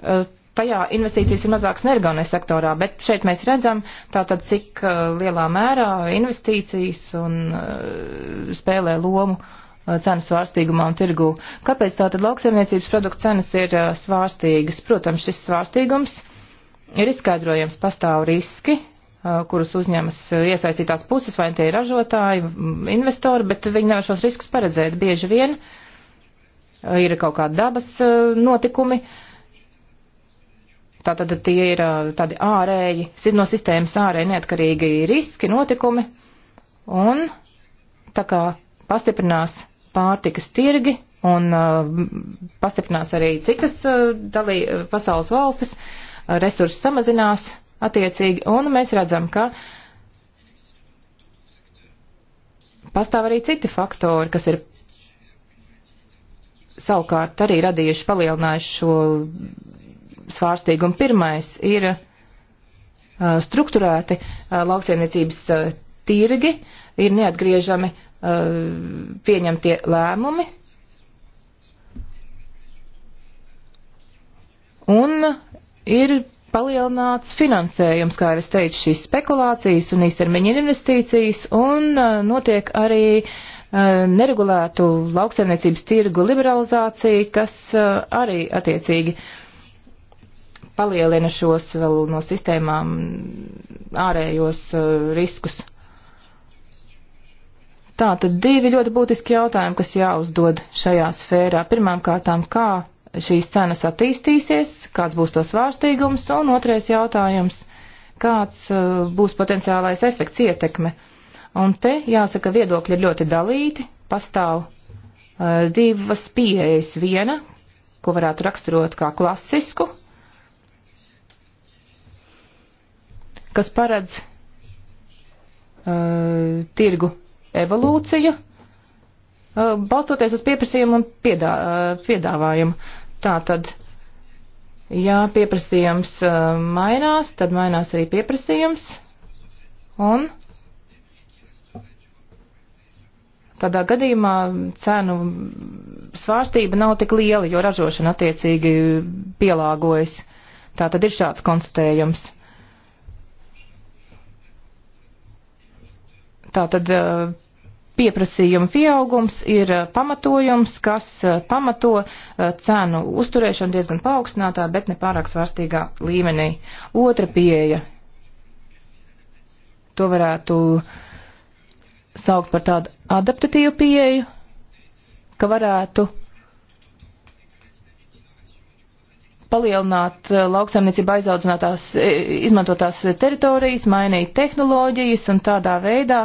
Eh, tajā investīcijas ir mazākas nergaunes sektorā, bet šeit mēs redzam tātad, cik eh, lielā mērā investīcijas un eh, spēlē lomu cenu svārstīgumā un tirgū. Kāpēc tātad lauksaimniecības produktu cenas ir svārstīgas? Protams, šis svārstīgums ir izskaidrojams pastāv riski, kurus uzņemas iesaistītās puses, vai tie ir ražotāji, mm, investori, bet viņi nevar šos riskus paredzēt. Bieži vien ir kaut kādi dabas notikumi, uh, Tātad tie ir tādi ārēji, no sistēmas ārēji neatkarīgi riski, notikumi, un tā kā pastiprinās pārtikas tirgi un pastiprinās arī citas dalī, pasaules valstis, resursi samazinās attiecīgi, un mēs redzam, ka pastāv arī citi faktori, kas ir savukārt arī radījuši, palielinājuši šo svārstīgumu. Pirmais ir strukturēti lauksaimniecības tirgi, ir neatgriežami pieņemtie lēmumi. Un ir palielināts finansējums, kā jau es teicu, šīs spekulācijas un īstermiņa investīcijas, un notiek arī neregulētu lauksaimniecības tirgu liberalizācija, kas arī attiecīgi uh, palielina šos vēl no sistēmām ārējos uh, riskus. Tā tad divi ļoti būtiski jautājumi, kas jāuzdod šajā sfērā. Pirmām kārtām, kā šīs cenas attīstīsies, kāds būs to svārstīgums, un otrais jautājums, kāds uh, būs potenciālais efekts ietekme. Un te jāsaka, viedokļi ir ļoti dalīti, pastāv uh, divas pieejas. Viena, ko varētu raksturot kā klasisku, kas paredz uh, tirgu evolūciju, uh, balstoties uz pieprasījumu un piedā, uh, piedāvājumu. Tā tad, ja pieprasījums uh, mainās, tad mainās arī pieprasījums un tādā gadījumā cenu svārstība nav tik liela, jo ražošana attiecīgi pielāgojas. Tā tad ir šāds konstatējums. Tātad pieprasījuma pieaugums ir pamatojums, kas pamato cenu uzturēšanu diezgan paaugstinātā, bet ne pārāk svārstīgā līmenī. Otra pieeja. To varētu saukt par tādu adaptatīvu pieeju, ka varētu palielināt eh, lauksaimniecība aizaudzinātās, eh, izmantotās teritorijas, mainīt tehnoloģijas un tādā veidā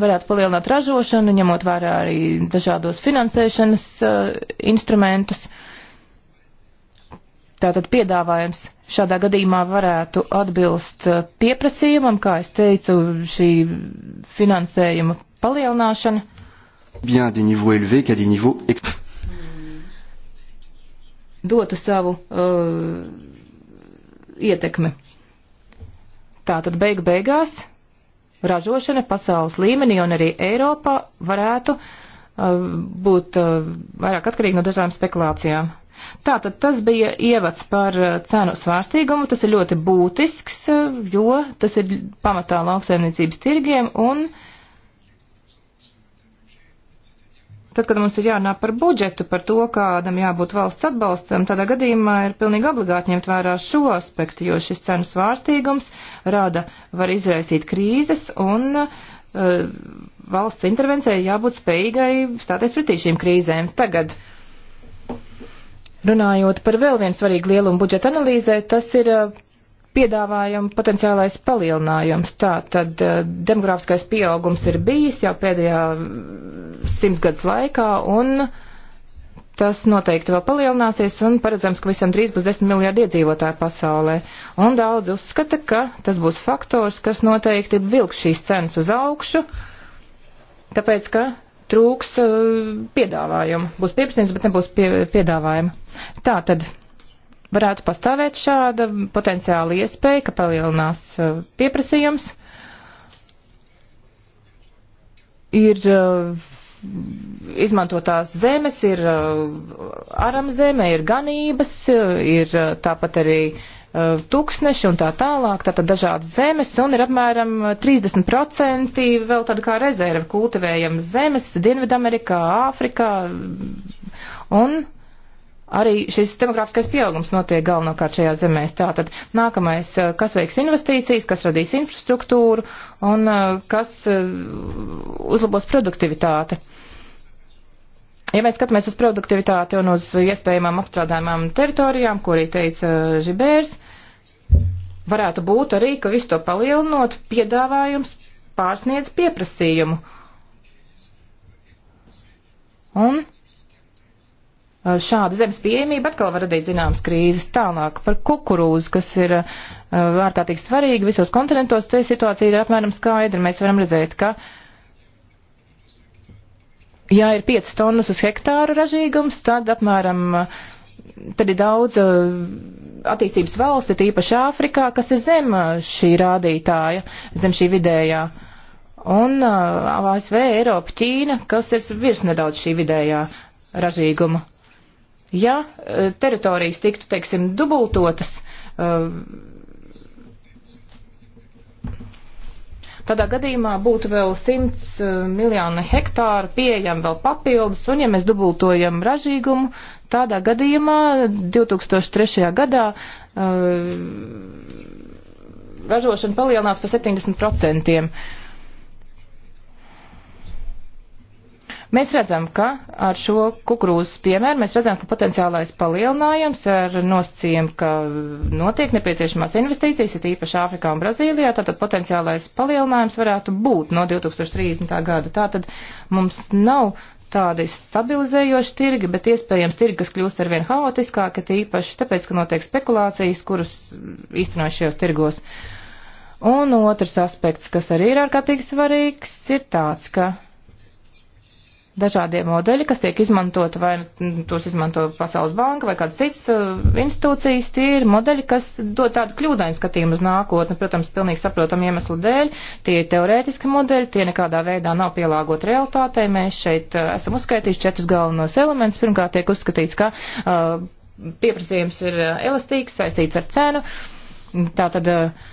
varētu palielināt ražošanu, ņemot vērā arī dažādos finansēšanas uh, instrumentus. Tātad piedāvājums šādā gadījumā varētu atbilst pieprasījumam, kā es teicu, šī finansējuma palielināšana. Bien, des niveaux élevés qu'à des niveaux extrêmes dotu savu uh, ietekmi. Tātad beigu beigās ražošana pasaules līmenī un arī Eiropā varētu uh, būt uh, vairāk atkarīga no dažādām spekulācijām. Tātad tas bija ievads par uh, cenu svārstīgumu, tas ir ļoti būtisks, uh, jo tas ir pamatā lauksaimniecības tirgiem un uh, Tad, kad mums ir jārunā par budžetu, par to, kādam jābūt valsts atbalstam, tādā gadījumā ir pilnīgi obligāti ņemt vērā šo aspektu, jo šis cenu svārstīgums rada, var izraisīt krīzes un uh, valsts intervencijai jābūt spējīgai stāties pretī šīm krīzēm. Tagad runājot par vēl vienu svarīgu lielumu budžeta analīzē, tas ir uh, piedāvājuma potenciālais palielinājums. Tā tad eh, demografiskais pieaugums ir bijis jau pēdējā mm, simtsgads laikā un tas noteikti vēl palielināsies un paredzams, ka visam drīz būs 10 miljārdi iedzīvotāju pasaulē. Un daudz uzskata, ka tas būs faktors, kas noteikti vilks šīs cenas uz augšu, tāpēc, ka trūks eh, piedāvājumu. Būs pieprasījums, bet nebūs pie, piedāvājuma. Tā tad varētu pastāvēt šāda potenciāla iespēja, ka palielinās uh, pieprasījums. Ir uh, izmantotās zemes, ir uh, aram zeme, ir ganības, ir tāpat arī tūkstneši un tā tālāk, tātad dažādas zemes, un ir apmēram 30% vēl tāda kā rezerva kultivējama zemes Dienvidamerikā, Āfrikā, mm, un arī šis demografiskais pieaugums notiek galvenokārt šajā zemē. Tātad nākamais, eh, kas veiks investīcijas, kas radīs infrastruktūru un eh, kas eh, uzlabos produktivitāti. Ja mēs skatāmies uz produktivitāti un uz iespējamām apstrādājumām teritorijām, ko arī teica Žibērs, varētu būt arī, ka visu to palielinot, piedāvājums pārsniedz pieprasījumu. Un Šāda zemes pieejamība atkal var radīt zināmas krīzes tālāk par kukurūzu, kas ir uh, ārkārtīgi svarīga visos kontinentos. Te situācija ir apmēram skaidra. Mēs varam redzēt, ka, ja ir 5 tonnas uz hektāru ražīgums, tad apmēram, tad ir daudz uh, attīstības valsti, tīpaši Āfrikā, kas ir zem šī rādītāja, zem šī vidējā. Un uh, ASV, Eiropa, Ķīna, kas ir virs nedaudz šī vidējā ražīguma Ja eh, teritorijas tiktu, teiksim, dubultotas, eh, Tādā gadījumā būtu vēl 100 eh, miljoni hektāru pieejami vēl papildus, un ja mēs dubultojam ražīgumu, tādā gadījumā 2003. gadā uh, ražošana palielinās par 70%. Mēs redzam, ka ar šo kukurūzas piemēru mēs redzam, ka potenciālais palielinājums ar nosacījumu, ka notiek nepieciešamās investīcijas, ir īpaši Āfrikā un Brazīlijā, tātad potenciālais palielinājums varētu būt no 2030. gada. Tātad mums nav tādi stabilizējoši tirgi, bet iespējams tirgi, kas kļūst arvien haotiskāki, tīpaši tāpēc, ka notiek spekulācijas, kuras īstenojas šajos tirgos. Un otrs aspekts, kas arī ir ārkārtīgi svarīgs, ir tāds, ka dažādie modeļi, kas tiek izmantoti, vai tos izmanto Pasaules banka vai kādas citas uh, institūcijas, tie ir modeļi, kas dod tādu kļūdainu skatījumu uz nākotni, protams, pilnīgi saprotam iemeslu dēļ, tie ir teorētiski modeļi, tie nekādā veidā nav pielāgoti realitātei, mēs šeit uh, esam uzskaitījuši četrus galvenos elementus, pirmkārt tiek uzskatīts, ka uh, pieprasījums ir uh, elastīgs, saistīts ar cenu, tātad uh,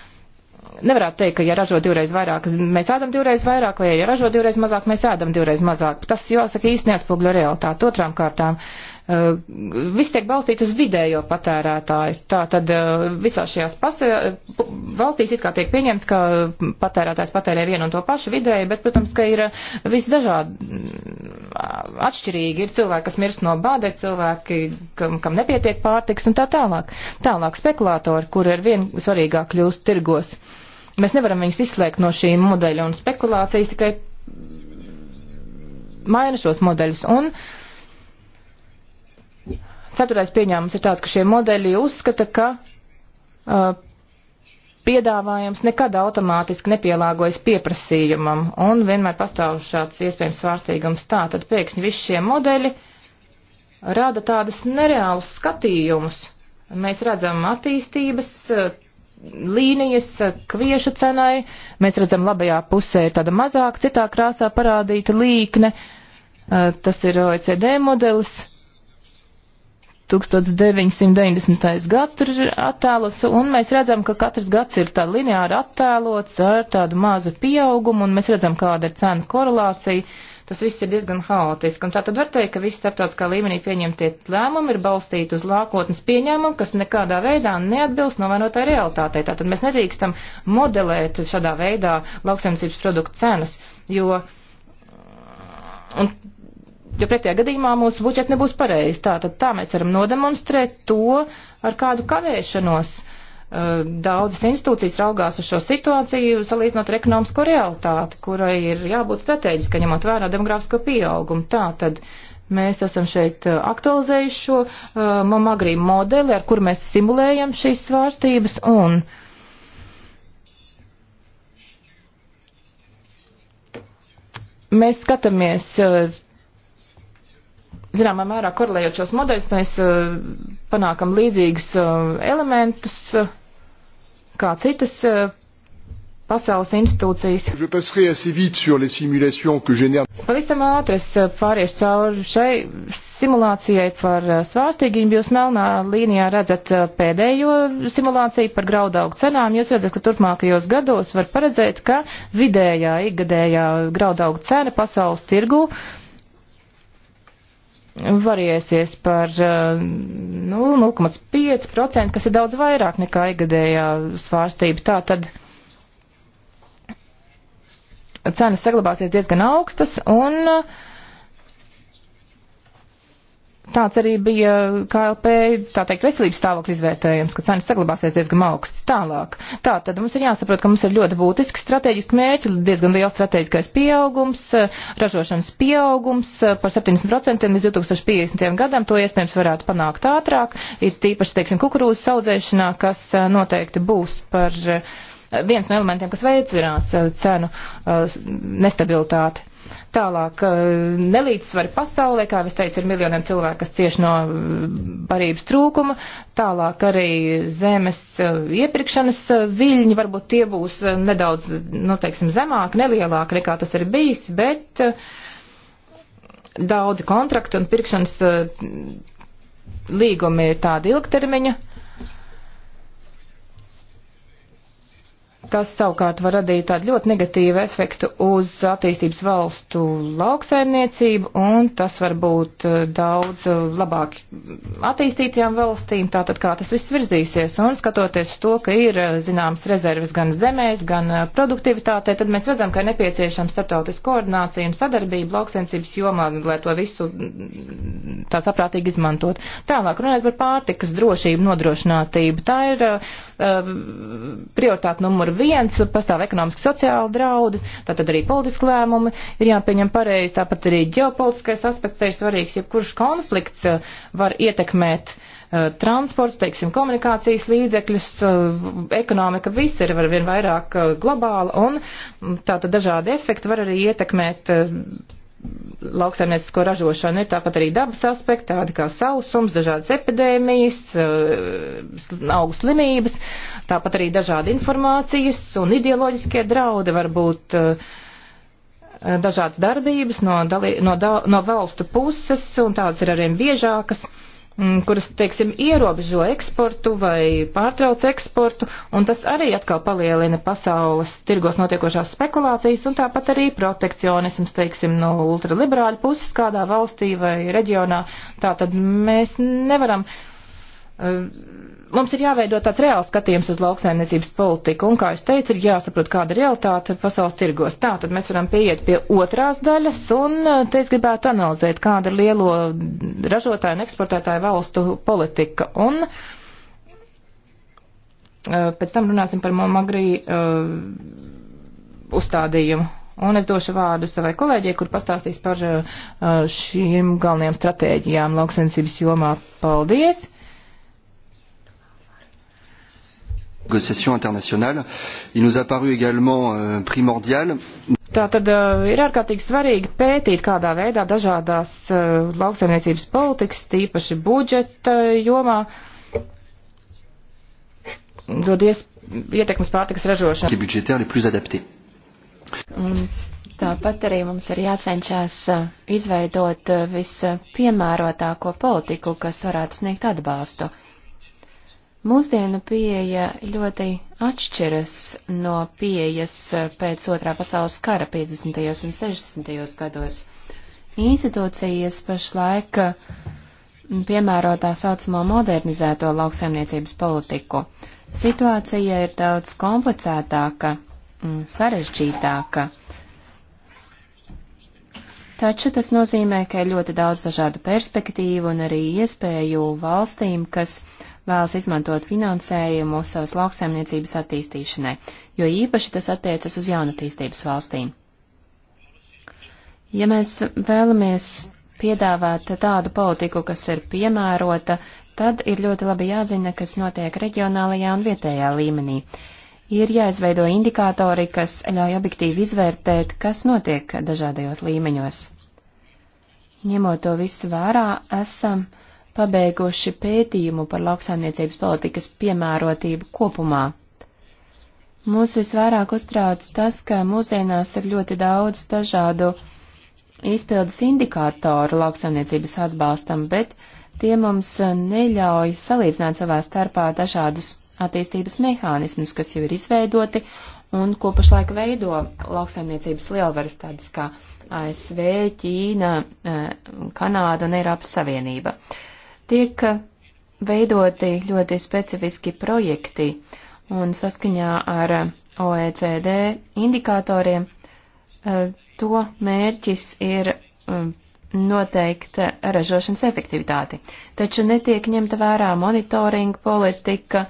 nevarētu teikt, ka ja ražo divreiz vairāk, mēs ēdam divreiz vairāk, vai ja ražo divreiz mazāk, mēs ēdam divreiz mazāk. Tas, jāsaka, īsti neatspogļo realitāti. Otrām kārtām, eh, viss tiek balstīts uz vidējo patērētāju. Tā tad eh, visās šajās pasa, valstīs it kā tiek pieņemts, ka patērētājs patērē vienu un to pašu vidēju, bet, protams, ka ir eh, viss dažādi mm, atšķirīgi. Ir cilvēki, kas mirst no bāda, ir cilvēki, kam, kam nepietiek pārtiks un tā tālāk. Tālāk spekulātori, kur ar vien svarīgāk kļūst tirgos. Uh, Mēs nevaram viņus izslēgt no šī modeļa un spekulācijas tikai maina šos modeļus. Un ceturtais pieņēmums ir tāds, ka šie modeļi uzskata, ka uh, piedāvājums nekad automātiski nepielāgojas pieprasījumam, un vienmēr pastāv šāds iespējams svārstīgums tā, tad pēkšņi visi šie modeļi rada tādas nereālus skatījumus. Mēs redzam attīstības uh, līnijas eh, kviešu cenai. Mēs redzam, labajā pusē ir tāda mazāk, citā krāsā parādīta līkne. Eh, tas ir OECD modelis. 1990. gads tur ir attēlots, un mēs redzam, ka katrs gads ir tā lineāri attēlots ar tādu mazu pieaugumu, un mēs redzam, kāda ir cena korelācija Tas viss ir diezgan haotiski. Un tā tad var teikt, ka visi starptautiskā līmenī pieņemtie lēmumi ir balstīti uz lākotnes pieņēmumu, kas nekādā veidā neatbilst novērotā realitātei. Tātad mēs nedrīkstam modelēt šādā veidā lauksaimniecības produktu cenas, jo. Un, Jo pretējā gadījumā mūsu budžeti nebūs pareizi. Tā tad tā mēs varam nodemonstrēt to, ar kādu kavēšanos uh, Eh, daudzas institūcijas raugās uz šo situāciju, salīdzinot ar ekonomisko realitāti, kurai ir jābūt strateģiska, ņemot vērā demogrāfisko pieaugumu. Tā tad mēs esam šeit eh, aktualizējuši šo uh, eh, mamagrību modeli, ar kur mēs simulējam šīs svārstības un. Mēs skatāmies uh, zināmā mērā korelējot šos modeļus, mēs uh, panākam līdzīgus uh, elementus uh, kā citas pasaules institūcijas. Pavisam ātri es pāriešu cauri šai simulācijai par svārstīgiem. Jūs melnā līnijā redzat pēdējo simulāciju par graudaugu cenām. Jūs redzat, ka turpmākajos gados var paredzēt, ka vidējā ikgadējā graudaugu cena pasaules tirgu uh, variēsies par eh, nu, 0,5%, kas ir daudz vairāk nekā igadējā svārstība. Tā tad cenas saglabāsies diezgan augstas un uh, Tāds arī bija KLP, tā teikt, veselības stāvokļa izvērtējums, ka cenas saglabāsies diezgan augsts tālāk. Tā tad mums ir jāsaprot, ka mums ir ļoti būtiski strateģiski mērķi, diezgan liels strateģiskais pieaugums, ražošanas pieaugums par 70% līdz 2050. gadam. To iespējams varētu panākt ātrāk. Ir tīpaši, teiksim, kukurūzas audzēšanā, kas noteikti būs par uh, viens no elementiem, kas veicinās eh, cenu eh, nestabilitāti. Tālāk, eh, nelīdzsvari pasaulē, kā es teicu, ir miljoniem cilvēku, kas cieš no mm, barības trūkuma. Tālāk arī zemes iepirkšanas viļņi, varbūt tie būs nedaudz, nu, teiksim, zemāk, nelielāk nekā tas ir bijis, bet daudzi kontrakti un pirkšanas līgumi ir tādi ilgtermiņa kas savukārt var radīt tādu ļoti negatīvu efektu uz attīstības valstu lauksaimniecību, un tas var būt eh, daudz eh, labāk attīstītajām valstīm, tātad kā tas viss virzīsies, un skatoties uz to, ka ir eh, zināmas rezerves gan zemēs, gan produktivitātē, tad mēs redzam, ka ir nepieciešama starptautiska koordinācija un sadarbība lauksaimniecības jomā, lai to visu mm, mm, tā saprātīgi izmantot. Tālāk runājot par pārtikas drošību, nodrošinātību, tā ir uh, prioritāte numur viens, pastāv ekonomiski sociāli draudi, tātad arī politiski lēmumi ir jāpieņem pareizi, tāpat arī ģeopolitiskais aspekts te ir svarīgs, jebkurš konflikts uh, var ietekmēt uh, transportu, teiksim, komunikācijas līdzekļus, uh, ekonomika, viss ir var vien vairāk uh, globāla un mm, tātad dažādi efekti var arī ietekmēt uh, lauksaimniecisko ražošanu ir tāpat arī dabas aspekti, tādi kā sausums, dažādas epidēmijas, eh, augu slimības, tāpat arī dažādi informācijas un ideoloģiskie draudi varbūt eh, dažādas darbības no, dalī, no, da, no valstu puses, un tādas ir arvien biežākas. Uh, Mm, kuras, teiksim, ierobežo eksportu vai pārtrauc eksportu, un tas arī atkal palielina pasaules tirgos notiekošās spekulācijas, un tāpat arī protekcionisms, teiksim, no ultraliberāļu puses kādā valstī vai reģionā. Tātad mēs nevaram uh, mums ir jāveido tāds reāls skatījums uz lauksaimniecības politiku, un, kā es teicu, ir jāsaprot, kāda ir realitāte pasaules tirgos. Tā tad mēs varam pieiet pie otrās daļas, un eh, te es gribētu analizēt, kāda ir lielo ražotāju un eksportētāju valstu politika. Un, eh, Pēc tam runāsim par Magrī uh, uzstādījumu. Un es došu vārdu savai kolēģijai, kur pastāstīs par uh, šīm galvenajām stratēģijām lauksensības jomā. Paldies! négociations internationales. Il nous a paru également euh, primordial. Tātad uh, ir ārkārtīgi svarīgi pētīt, kādā veidā dažādās uh, lauksaimniecības politikas, tīpaši budžeta euh, jomā, dodies ietekmes pārtikas ražošanai. Tāpat arī mums ir jācenšas euh, izveidot euh, vispiemērotāko politiku, kas varētu sniegt atbalstu. Uh, Mūsdienu pieeja ļoti atšķiras no pieejas pēc otrā pasaules kara 50. un 60. gados. Institūcijas pašlaik piemēro tā saucamo modernizēto lauksaimniecības politiku. Situācija ir daudz komplicētāka, sarežģītāka. Taču tas nozīmē, ka ir ļoti daudz dažādu perspektīvu un arī iespēju valstīm, kas vēlas izmantot finansējumu savas lauksaimniecības attīstīšanai, jo īpaši tas attiecas uz jaunatīstības valstīm. Ja mēs vēlamies piedāvāt tādu politiku, kas ir piemērota, tad ir ļoti labi jāzina, kas notiek reģionālajā un vietējā līmenī. Ir jāizveido indikātori, kas ļauj objektīvi izvērtēt, kas notiek dažādajos līmeņos. Ņemot to visu vērā, esam uh, pabeiguši pētījumu par lauksaimniecības politikas piemērotību kopumā. Mūs visvairāk uztrauc tas, ka mūsdienās ir ļoti daudz dažādu izpildes indikātoru lauksaimniecības atbalstam, bet tie mums neļauj salīdzināt savā starpā dažādus attīstības mehānismus, kas jau ir izveidoti un ko pašlaik veido lauksaimniecības lielvaras tādas kā ASV, Ķīna, eh, Kanāda un Eiropas Savienība. Tiek veidoti ļoti specifiski projekti, un saskaņā ar OECD indikatoriem eh, to mērķis ir um, noteikta ražošanas efektivitāti, taču netiek ņemta vērā monitoringa politika,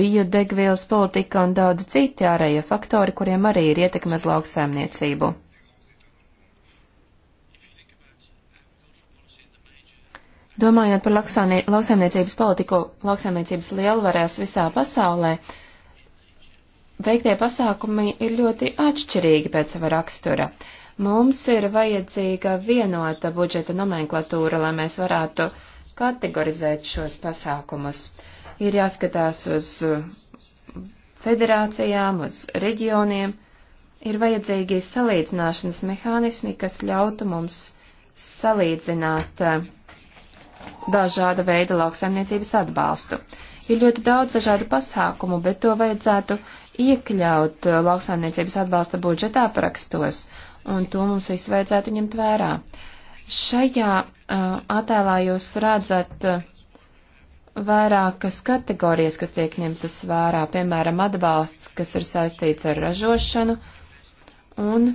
biodegvielas politika un daudz citi ārējie faktori, kuriem arī ir ietekme uz lauksaimniecību. Domājot par lauksaimniecības politiku, lauksaimniecības lielvarēs visā pasaulē, veiktie pasākumi ir ļoti atšķirīgi pēc sava rakstura. Mums ir vajadzīga vienota budžeta nomenklatūra, lai mēs varētu kategorizēt šos pasākumus. Ir jāskatās uz federācijām, uz reģioniem. Ir vajadzīgi salīdzināšanas mehānismi, kas ļautu mums salīdzināt uh, dažāda veida lauksaimniecības atbalstu. Ir ļoti daudz dažādu pasākumu, bet to vajadzētu iekļaut uh, lauksaimniecības atbalsta budžetā parakstos, un to mums visu vajadzētu ņemt vērā. Šajā uh, attēlā jūs redzat uh, vairākas kategorijas, kas tiek ņemtas vērā, piemēram, atbalsts, kas ir saistīts ar ražošanu, un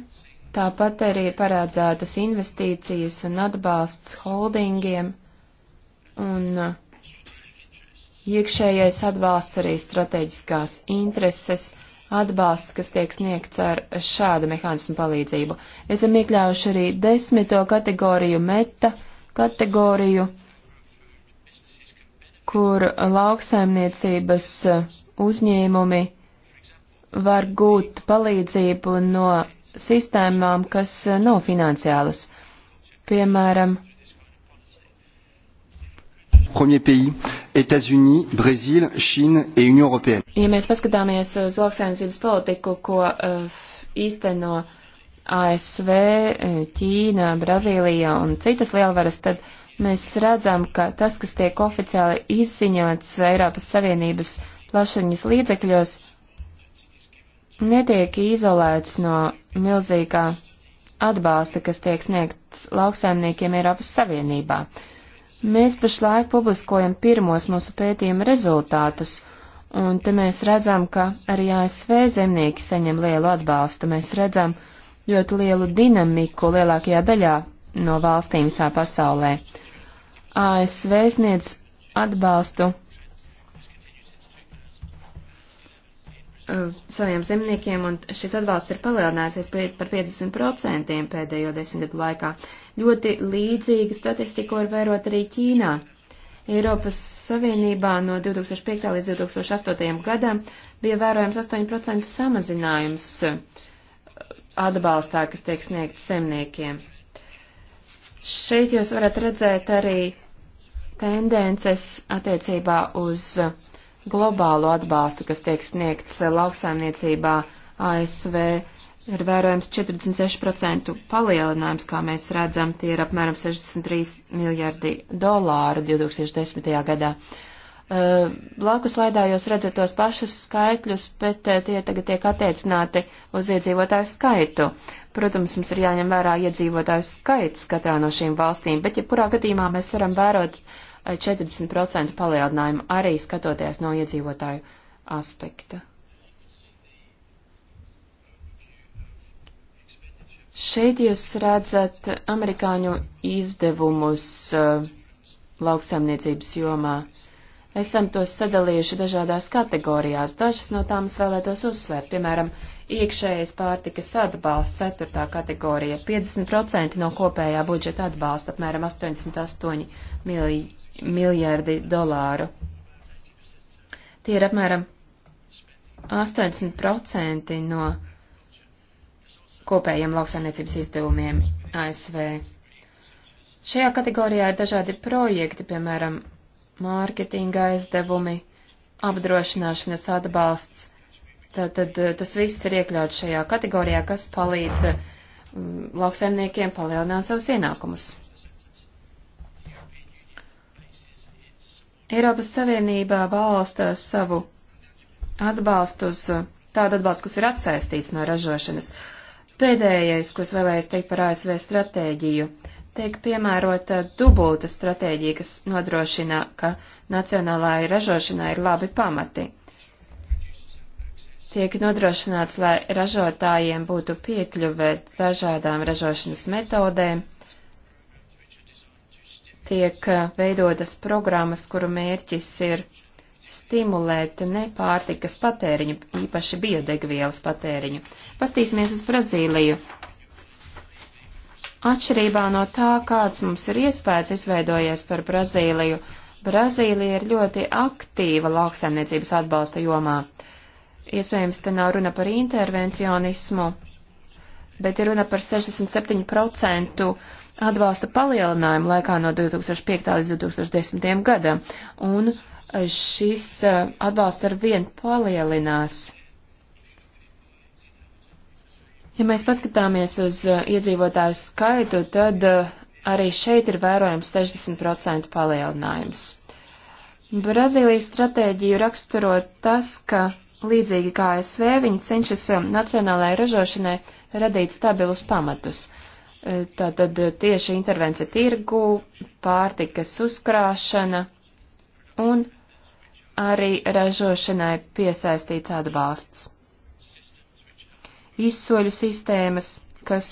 tāpat arī parādzētas investīcijas un atbalsts holdingiem. Uh, un uh, iekšējais atbalsts arī strateģiskās intereses atbalsts, kas tiek sniegts ar šādu mehānismu palīdzību. Esam iekļāvuši arī desmito kategoriju meta kategoriju, kur lauksaimniecības uh, uzņēmumi var gūt palīdzību no sistēmām, kas uh, nav finansiālas. Piemēram, premier pays États-Unis, Brésil, Chine et Union européenne. Ja mēs paskatāmies uz lauksaimniecības politiku, ko uh, īsteno ASV, eh, Ķīna, Brazīlija un citas lielvaras, tad mēs redzam, ka tas, kas tiek oficiāli izziņots Eiropas Savienības plašaņas līdzekļos, netiek izolēts no milzīgā atbalsta, kas tiek sniegts lauksaimniekiem Eiropas Savienībā. Uh, Mēs pašlaik publiskojam pirmos mūsu pētījuma rezultātus, un te mēs redzam, ka arī ASV zemnieki saņem lielu atbalstu. Mēs redzam ļoti lielu dinamiku lielākajā daļā no valstīm visā pasaulē. ASV sniedz atbalstu uh, saviem zemniekiem, un šis atbalsts ir palielinājies par 50% pēdējo desmit gadu laikā. Uh, Ļoti līdzīga statistika var vērot arī Ķīnā. Eiropas Savienībā no 2005. līdz 2008. gadam bija vērojams 8% samazinājums atbalstā, kas tiek sniegts zemniekiem. Šeit jūs varat redzēt arī tendences attiecībā uz globālo atbalstu, kas tiek sniegts lauksaimniecībā ASV ir vērojams 46% palielinājums, kā mēs redzam, tie ir apmēram 63 miljardi dolāru 2010. gadā. Eh, blakus laidā jūs redzat tos pašus skaitļus, bet eh, tie tagad tiek attiecināti uz iedzīvotāju skaitu. Protams, mums ir jāņem vērā iedzīvotāju skaits katrā no šīm valstīm, bet jebkurā ja gadījumā mēs varam vērot 40% eh, palielinājumu arī skatoties no iedzīvotāju aspekta. Šeit jūs redzat amerikāņu izdevumus uh, lauksaimniecības jomā. Esam tos sadalījuši dažādās kategorijās. Dažas no tām es vēlētos uzsvērt. Piemēram, iekšējais pārtikas atbalsts, 4. kategorija, 50% no kopējā budžeta atbalsta, apmēram 88 milj miljardi dolāru. Tie ir apmēram 80% no kopējiem lauksaimniecības izdevumiem ASV. Šajā kategorijā ir dažādi projekti, piemēram, mārketinga aizdevumi, apdrošināšanas atbalsts. Tātad eh, tas viss ir iekļauts šajā kategorijā, kas palīdz eh, lauksaimniekiem palielināt savus ienākumus. Eiropas Savienībā balsta savu atbalstu uz eh, tādu atbalstu, kas ir atsaistīts no ražošanas. Uh, Pēdējais, ko es vēlējos teikt par ASV stratēģiju, tiek piemērota dubulta stratēģija, kas nodrošina, ka nacionālajai ražošanai ir labi pamati. Tiek nodrošināts, lai ražotājiem būtu piekļuve dažādām ražošanas metodēm, tiek eh, veidotas programmas, kuru mērķis ir stimulēt nepārtikas patēriņu, īpaši biodegvielas patēriņu. Pastīsimies uz Brazīliju. Atšķirībā no tā, kāds mums ir iespējas izveidojies par Brazīliju, Brazīlija ir ļoti aktīva lauksaimniecības atbalsta jomā. Iespējams, te nav runa par intervencionismu, bet ir runa par 67% atbalsta palielinājumu laikā no 2005. līdz 2010. gadam, un šis eh, atbalsts ar vien palielinās. Ja mēs paskatāmies uz eh, iedzīvotāju skaitu, tad eh, arī šeit ir vērojams 60% palielinājums. Brazīlijas stratēģiju raksturot tas, ka līdzīgi kā ASV, viņi cenšas nacionālajai ražošanai radīt stabilus pamatus. Tātad tieši intervence tirgu, pārtikas uzkrāšana un arī ražošanai piesaistīts atbalsts. Izsoļu sistēmas, kas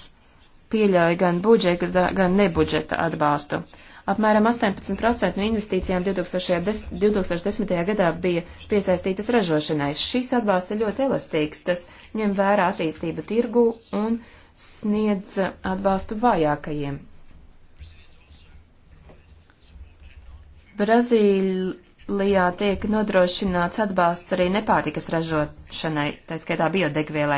pieļauj gan budžeta, gan nebudžeta atbalstu. Apmēram 18% no investīcijām 2010, 2010. gadā bija piesaistītas ražošanai. Šīs atbalsts ir ļoti elastīgs, tas ņem vērā attīstību tirgu un sniedz atbalstu vājākajiem. Brazīl, Lijā tiek nodrošināts atbalsts arī nepārtikas ražošanai, tā skaitā biodegvielai.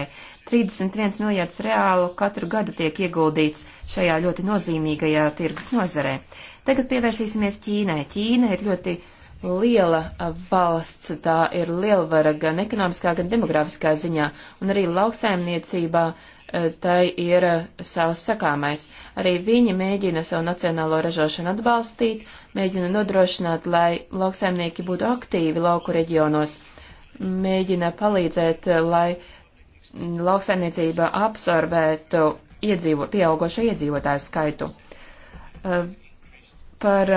31 miljards reālu katru gadu tiek ieguldīts šajā ļoti nozīmīgajā tirgus nozarē. Tagad pievērsīsimies Ķīnai. Ķīna ir ļoti liela valsts, tā ir lielvara gan ekonomiskā, gan demografiskā ziņā, un arī lauksaimniecībā uh, Eh, tai ir eh, savas sakāmais. Arī viņi mēģina savu nacionālo ražošanu atbalstīt, mēģina nodrošināt, lai lauksaimnieki būtu aktīvi lauku reģionos, mēģina palīdzēt, eh, lai lauksaimniecība absorbētu iedzīvo, pieaugošo iedzīvotāju skaitu. Par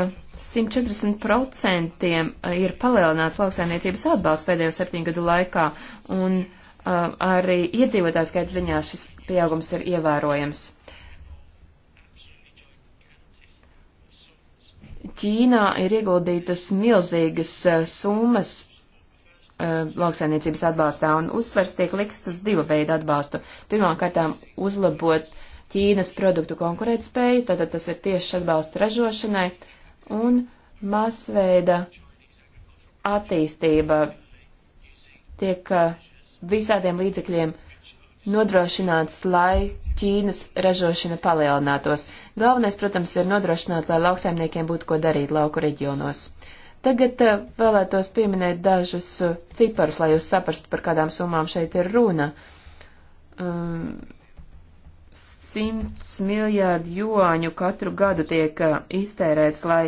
140% ir palielināts lauksaimniecības atbalsts pēdējo septiņu gadu laikā, un uh, Uh, arī iedzīvotājs skaits ziņā šis pieaugums ir ievērojams. Ķīnā ir ieguldītas milzīgas uh, summas uh, lauksainiecības atbalstā, un uzsvers tiek likts uz divu veidu atbalstu. Pirmkārtām uzlabot Ķīnas produktu konkurētspēju, tātad tas ir tieši atbalsts ražošanai, un masveida attīstība tiek uh, visādiem līdzekļiem nodrošināts, lai Ķīnas ražošana palielinātos. Galvenais, protams, ir nodrošināt, lai lauksaimniekiem būtu ko darīt lauku reģionos. Tagad eh, vēlētos pieminēt dažus eh, ciparus, lai jūs saprastu, par kādām summām šeit ir runa. Um, 100 miljārdu juāņu katru gadu tiek eh, iztērēts, lai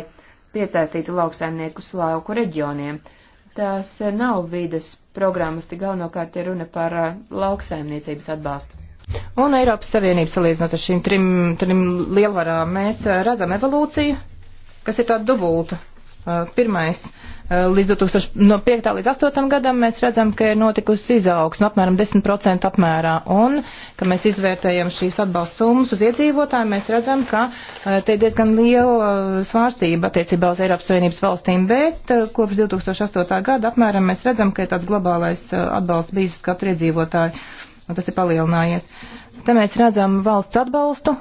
piesaistītu lauksaimniekus lauku reģioniem. Uh, tās nav vides programmas, tik galvenokārt ir runa par uh, lauksaimniecības atbalstu. Un Eiropas Savienības salīdzinot ar šīm trim, trim lielvarām, mēs uh, redzam evolūciju, kas ir tāda dubulta. Uh, pirmais, uh, līdz 2005. No līdz 2008. gadam mēs redzam, ka ir notikusi izaugsme apmēram 10% apmērā, un, ka mēs izvērtējam šīs atbalsta summas uz iedzīvotājiem, mēs redzam, ka uh, te ir diezgan liela svārstība attiecībā uz Eiropas Savienības valstīm, bet kopš 2008. gada apmēram mēs redzam, ka ir tāds globālais atbalsts bijis uz katru iedzīvotāju, un tas ir palielinājies. Te mēs redzam valsts atbalstu,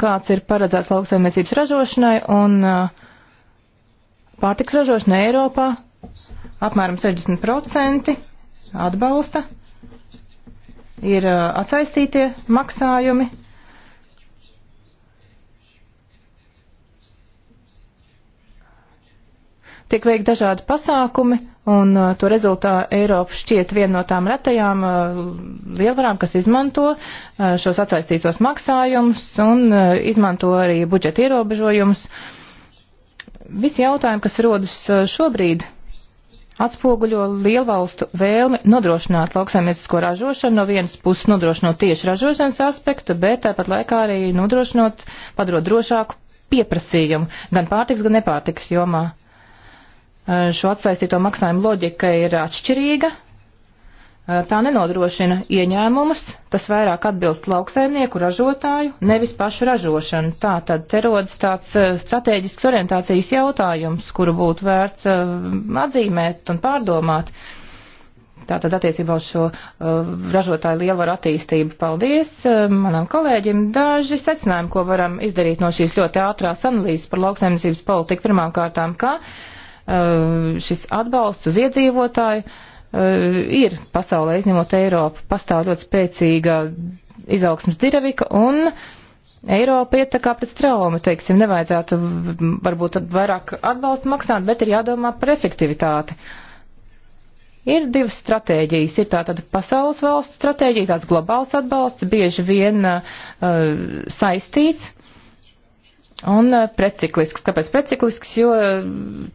kāds ir paredzēts lauksaimniecības ražošanai, un uh, pārtiks ražošana Eiropā apmēram 60% atbalsta ir uh, atsaistītie maksājumi. Tiek veikti dažādi pasākumi, un uh, to rezultātā Eiropa šķiet viena no tām retajām uh, lielvarām, kas izmanto uh, šos atsaistītos maksājumus un uh, izmanto arī budžeta ierobežojumus. Uh, Visi jautājumi, kas rodas uh, šobrīd, atspoguļo lielvalstu vēlmi nodrošināt lauksaimniecisko ražošanu, no vienas puses nodrošinot tieši ražošanas aspektu, bet tāpat laikā arī nodrošinot, padarot drošāku pieprasījumu gan pārtiks, gan nepārtiks jomā. Uh, Šo atsaistīto maksājumu loģika ir atšķirīga, tā nenodrošina ieņēmumus, tas vairāk atbilst lauksaimnieku ražotāju, nevis pašu ražošanu. Tā tad te rodas tāds strateģisks orientācijas jautājums, kuru būtu vērts atzīmēt un pārdomāt. Tātad attiecībā uz šo uh, ražotāju lielvaru attīstību paldies uh, manam kolēģim. Daži secinājumi, ko varam izdarīt no šīs ļoti ātrās analīzes par lauksaimniecības politiku, pirmām kārtām, ka uh, šis atbalsts uz iedzīvotāju uh, Eh, ir pasaulē, izņemot Eiropu, pastāv ļoti spēcīga izaugsmas diravika un Eiropa iet tā kā pret straumi, teiksim, nevajadzētu varbūt vairāk atbalstu maksāt, bet ir jādomā par efektivitāti. Ir divas stratēģijas. Ir tātad pasaules valstu stratēģija, tāds globāls atbalsts, bieži vien uh, saistīts un uh, eh, preciklisks. Kāpēc preciklisks? Jo uh,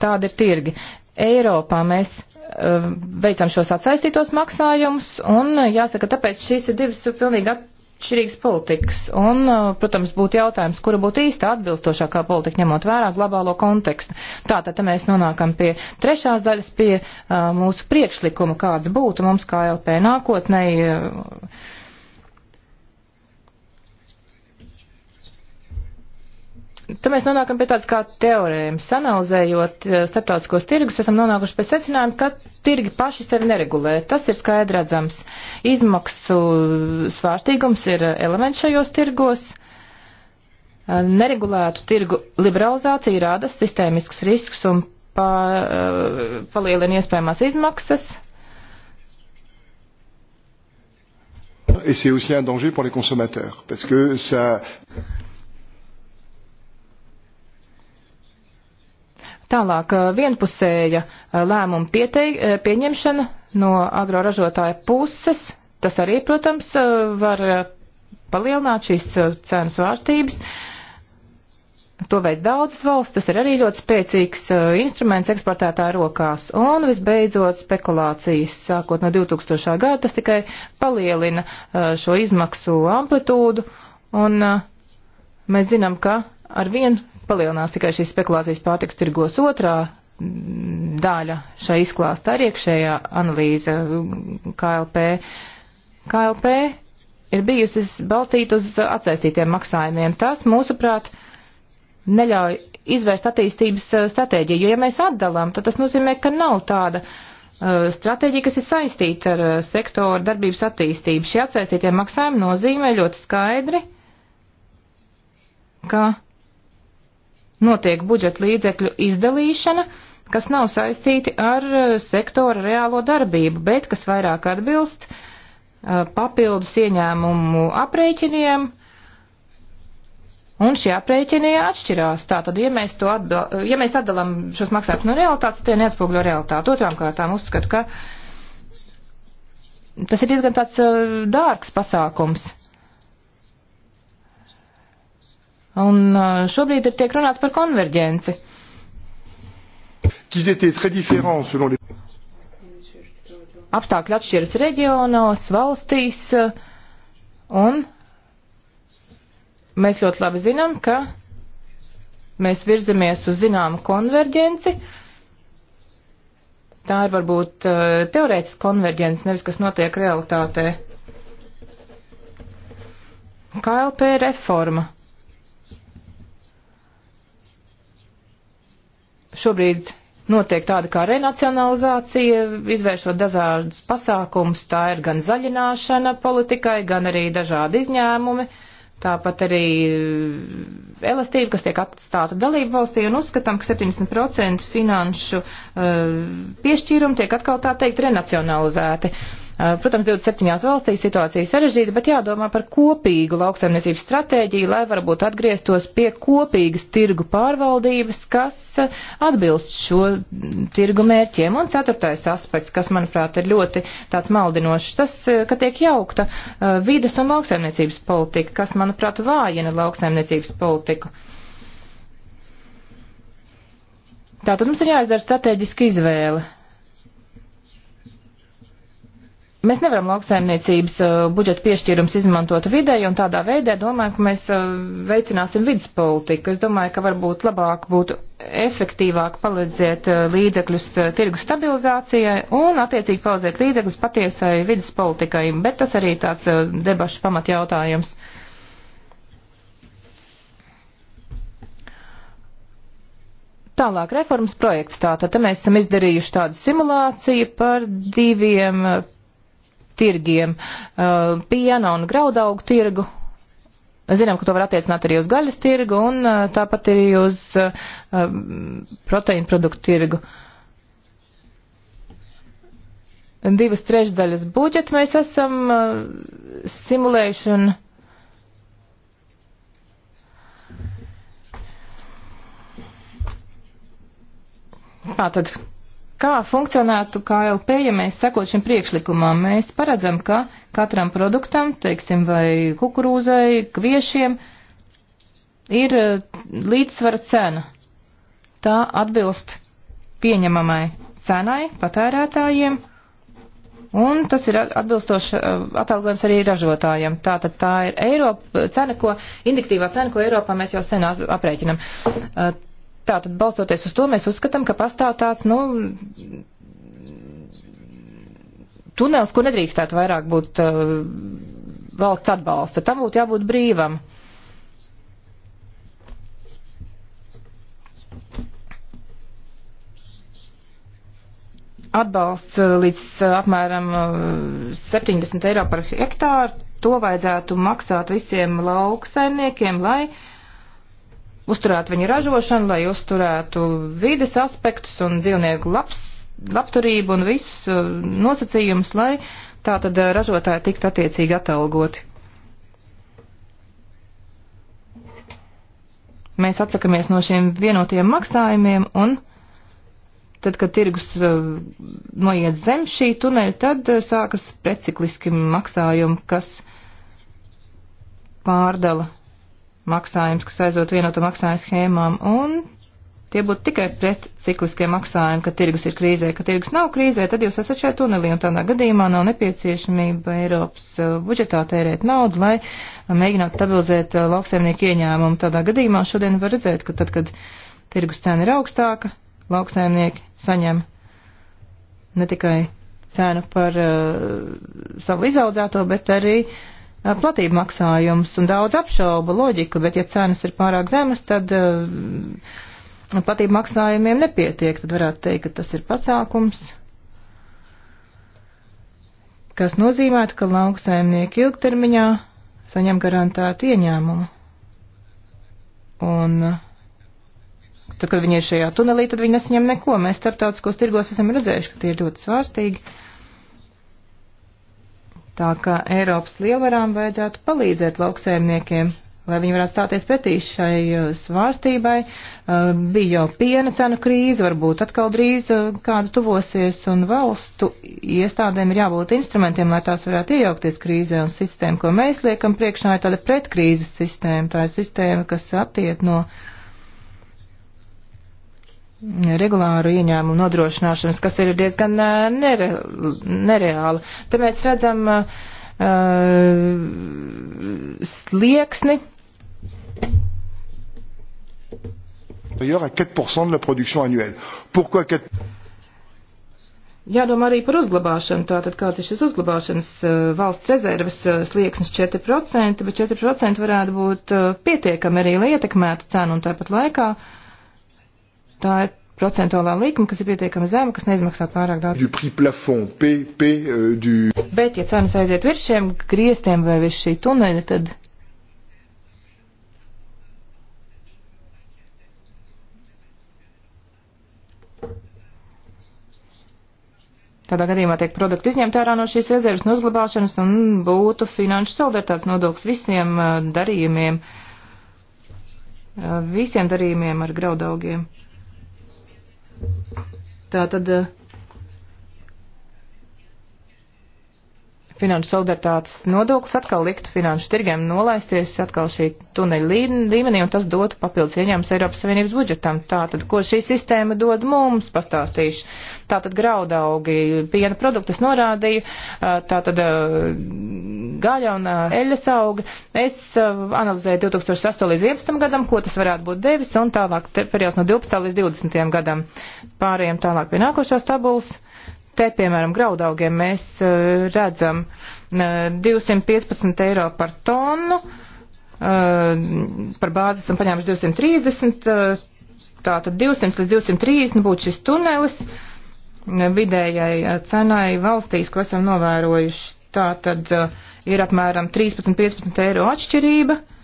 tāda ir tirgi. Eiropā mēs Um, veicam šos atsaistītos maksājumus, un uh, jāsaka, tāpēc šīs ir divas pilnīgi atšķirīgas politikas. Un, uh, protams, būtu jautājums, kura būtu īsta atbilstošākā politika, ņemot vērā globālo kontekstu. Tātad mēs nonākam pie trešās daļas, pie uh, mūsu priekšlikuma, kāds būtu mums kā LP nākotnei. Uh, Tad mēs nonākam pie tādas kā teorēmas. Analizējot eh, starptautiskos tirgus, esam nonākuši pie secinājuma, ka tirgi paši sevi neregulē. Tas ir skaidrādzams. Izmaksu svārstīgums ir elements šajos tirgos. Eh, neregulētu tirgu liberalizācija rada sistēmiskus riskus un pa, eh, palielina iespējamās izmaksas. Et c'est aussi un danger pour les consommateurs, parce que ça Tālāk vienpusēja lēmuma pietei, pieņemšana no agroražotāja puses, tas arī, protams, var palielināt šīs cenu svārstības. To veids daudzas valsts, tas ir arī ļoti spēcīgs instruments eksportētāja rokās. Un visbeidzot spekulācijas, sākot no 2000. gada, tas tikai palielina šo izmaksu amplitūdu. Un mēs zinām, ka ar vien palielinās tikai šīs spekulācijas pārtiks tirgos. Otrā daļa šai izklāstā ir iekšējā analīze mm, KLP. KLP ir bijusi balstīta uz atsaistītiem maksājumiem. Tas, mūsuprāt, neļauj izvērst attīstības eh, stratēģiju, jo ja mēs atdalām, tad tas nozīmē, ka nav tāda uh, stratēģija, kas ir saistīta ar uh, sektoru darbības attīstību. Šie atsaistītie maksājumi nozīmē ļoti skaidri, ka notiek budžeta līdzekļu izdalīšana, kas nav saistīti ar uh, sektora reālo darbību, bet kas vairāk atbilst uh, papildus ieņēmumu aprēķiniem, un šie aprēķini atšķirās. Tātad, ja mēs, to atbal, uh, ja mēs atdalam šos maksājumus no realitātes, tie neatspūgļo realitāti. Otrām kārtām uzskatu, ka tas ir diezgan tāds dārgs pasākums Un uh, šobrīd ir tiek runāts par konverģenci. Apstākļi atšķiras reģionos, valstīs, uh, un mēs ļoti labi zinām, ka mēs virzamies uz zināmu konverģenci. Tā ir varbūt uh, teorētiska konverģence, nevis kas notiek realitātē. KLP reforma šobrīd notiek tāda kā renacionalizācija, izvēršot dažādus pasākumus. Tā ir gan zaļināšana politikai, gan arī dažādi izņēmumi. Tāpat arī elastība, kas tiek atstāta dalību valstī, un uzskatām, ka 70% finanšu uh, piešķīrumu tiek atkal tā teikt renacionalizēti. Uh, Uh, protams, 27 valstīs situācija sarežģīta, bet jādomā par kopīgu lauksaimniecības stratēģiju, lai varbūt atgrieztos pie kopīgas tirgu pārvaldības, kas uh, atbilst šo mm, tirgu mērķiem. Un ceturtais aspekts, kas, manuprāt, ir ļoti tāds maldinošs, tas, uh, ka tiek jaukta vidas un lauksaimniecības politika, kas, manuprāt, vājina lauksaimniecības politiku. Tātad mums ir jāizdara strateģiska izvēle. Mēs nevaram lauksaimniecības uh, budžeta piešķīrums izmantot videi, un tādā veidā domāju, ka mēs uh, veicināsim vidas politiku. Es domāju, ka varbūt labāk būtu efektīvāk palīdzēt uh, līdzekļus tirgus stabilizācijai un attiecīgi palīdzēt līdzekļus patiesai vidas politikai, bet tas arī tāds debašu pamatjautājums. Tālāk reformas projekts. Tātad mēs esam izdarījuši tādu simulāciju par diviem tirgiem, uh, piena un graudaugu tirgu. Zinām, ka to var attiecināt arī uz gaļas tirgu un uh, tāpat arī uz uh, um, proteīnu produktu tirgu. Divas trešdaļas budžeta mēs esam simulējuši un Tātad Kā funkcionētu KLP, ja mēs sekot šim priekšlikumam? Mēs paredzam, ka katram produktam, teiksim, vai kukurūzai, kviešiem, ir eh, līdzsvara cena. Tā atbilst pieņemamai cenai patērētājiem, un tas ir atbilstoši eh, atalgojums arī ražotājiem. Tātad tā ir Eiropa cena, ko, indiktīvā cena, ko Eiropā mēs jau sen aprēķinam. Eh, Tātad, balstoties uz to, mēs uzskatām, ka pastāv tāds, nu, tunels, kur nedrīkstētu vairāk būt uh, valsts atbalsta. Tam būtu jābūt brīvam. Atbalsts uh, līdz uh, apmēram 70 uh, eiro par hektāru, to vajadzētu maksāt visiem lauksaimniekiem, lai uh, uzturētu viņu ražošanu, lai uzturētu vides aspektus un dzīvnieku labs, labturību un visus uh, nosacījumus, lai tātad uh, ražotāji tiktu attiecīgi atalgoti. Mēs atsakamies no šiem vienotiem maksājumiem un tad, kad tirgus uh, noiet zem šī tuneļa, tad sākas precikliski maksājumi, kas pārdala maksājums, kas aizot vienotu maksājumu schēmām, un tie būtu tikai pret cikliskie maksājumi, ka tirgus ir krīzē, ka tirgus nav krīzē, tad jūs esat šajā tunelī, un tādā gadījumā nav nepieciešamība Eiropas uh, budžetā tērēt naudu, lai mēģinātu stabilizēt uh, lauksaimnieku ieņēmumu. Tādā gadījumā šodien var redzēt, ka tad, kad tirgus cena ir augstāka, lauksaimnieki saņem ne tikai cenu par uh, savu izaudzēto, bet arī uh, Eh, platību maksājums un daudz apšauba loģiku, bet ja cenas ir pārāk zemas, tad eh, platību maksājumiem nepietiek. Tad varētu teikt, ka tas ir pasākums, kas nozīmētu, ka lauksaimnieki ilgtermiņā saņem garantētu ieņēmumu. Un eh, tad, kad viņi ir šajā tunelī, tad viņi nesaņem neko. Mēs starptautiskos tirgos esam redzējuši, ka tie ir ļoti svārstīgi. Tā ka Eiropas lielvarām vajadzētu palīdzēt lauksēmniekiem, lai viņi varētu stāties pretī šai uh, svārstībai. Uh, bija jau piena cenu krīze, varbūt atkal drīz uh, kāda tuvosies, un valstu iestādēm ir jābūt instrumentiem, lai tās varētu iejaukties krīzē, un sistēma, ko mēs liekam priekšā, ir tāda pretkrīzes sistēma. Tā ir sistēma, kas attiek no. Uh, regulāru ieņēmumu nodrošināšanas, kas ir diezgan nere, nereāla. Te mēs redzam uh, slieksni. D'ailleurs, à 4% de la production annuelle. Pourquoi 4%? Jādomā arī par uzglabāšanu. Tātad kāds ir šis uzglabāšanas valsts rezerves slieksnis 4%, bet 4% varētu būt pietiekami arī, lai ietekmētu cenu un tāpat laikā uh, tā ir procentuālā likme, kas ir pietiekami zema, kas neizmaksā pārāk daudz. Du prix plafond, P, P, uh, du... Bet, ja cenas aiziet virs šiem griestiem vai virs šī tuneļa, tad. Tādā gadījumā tiek produkti izņemti ārā no šīs rezerves un uzglabāšanas un būtu finanšu solidaritātes nodoklis visiem uh, darījumiem, uh, visiem darījumiem ar graudaugiem. Tā tad eh, finanšu solidaritātes nodoklis atkal liktu finanšu tirgiem nolaisties atkal šī tuneļa līmenī, un tas dotu papildus ieņēmums Eiropas Savienības budžetam. Tātad, ko šī sistēma dod mums, pastāstīšu. Tātad graudaugi, piena produktu es norādīju, tātad gaļa un eļas auga. Es analizēju 2008 līdz 2011 gadam, ko tas varētu būt devis, un tālāk periods no 12 līdz 20 gadam. Pārējiem tālāk pie nākošās tabulas. Te, piemēram, graudaugiem mēs eh, redzam 215 eh, eiro par tonu, eh, par bāzi esam paņēmuši 230, tātad 200 līdz 230 būtu šis tunelis vidējai cenai valstīs, ko esam novērojuši. Tātad ir apmēram 13-15 eiro atšķirība. Uh,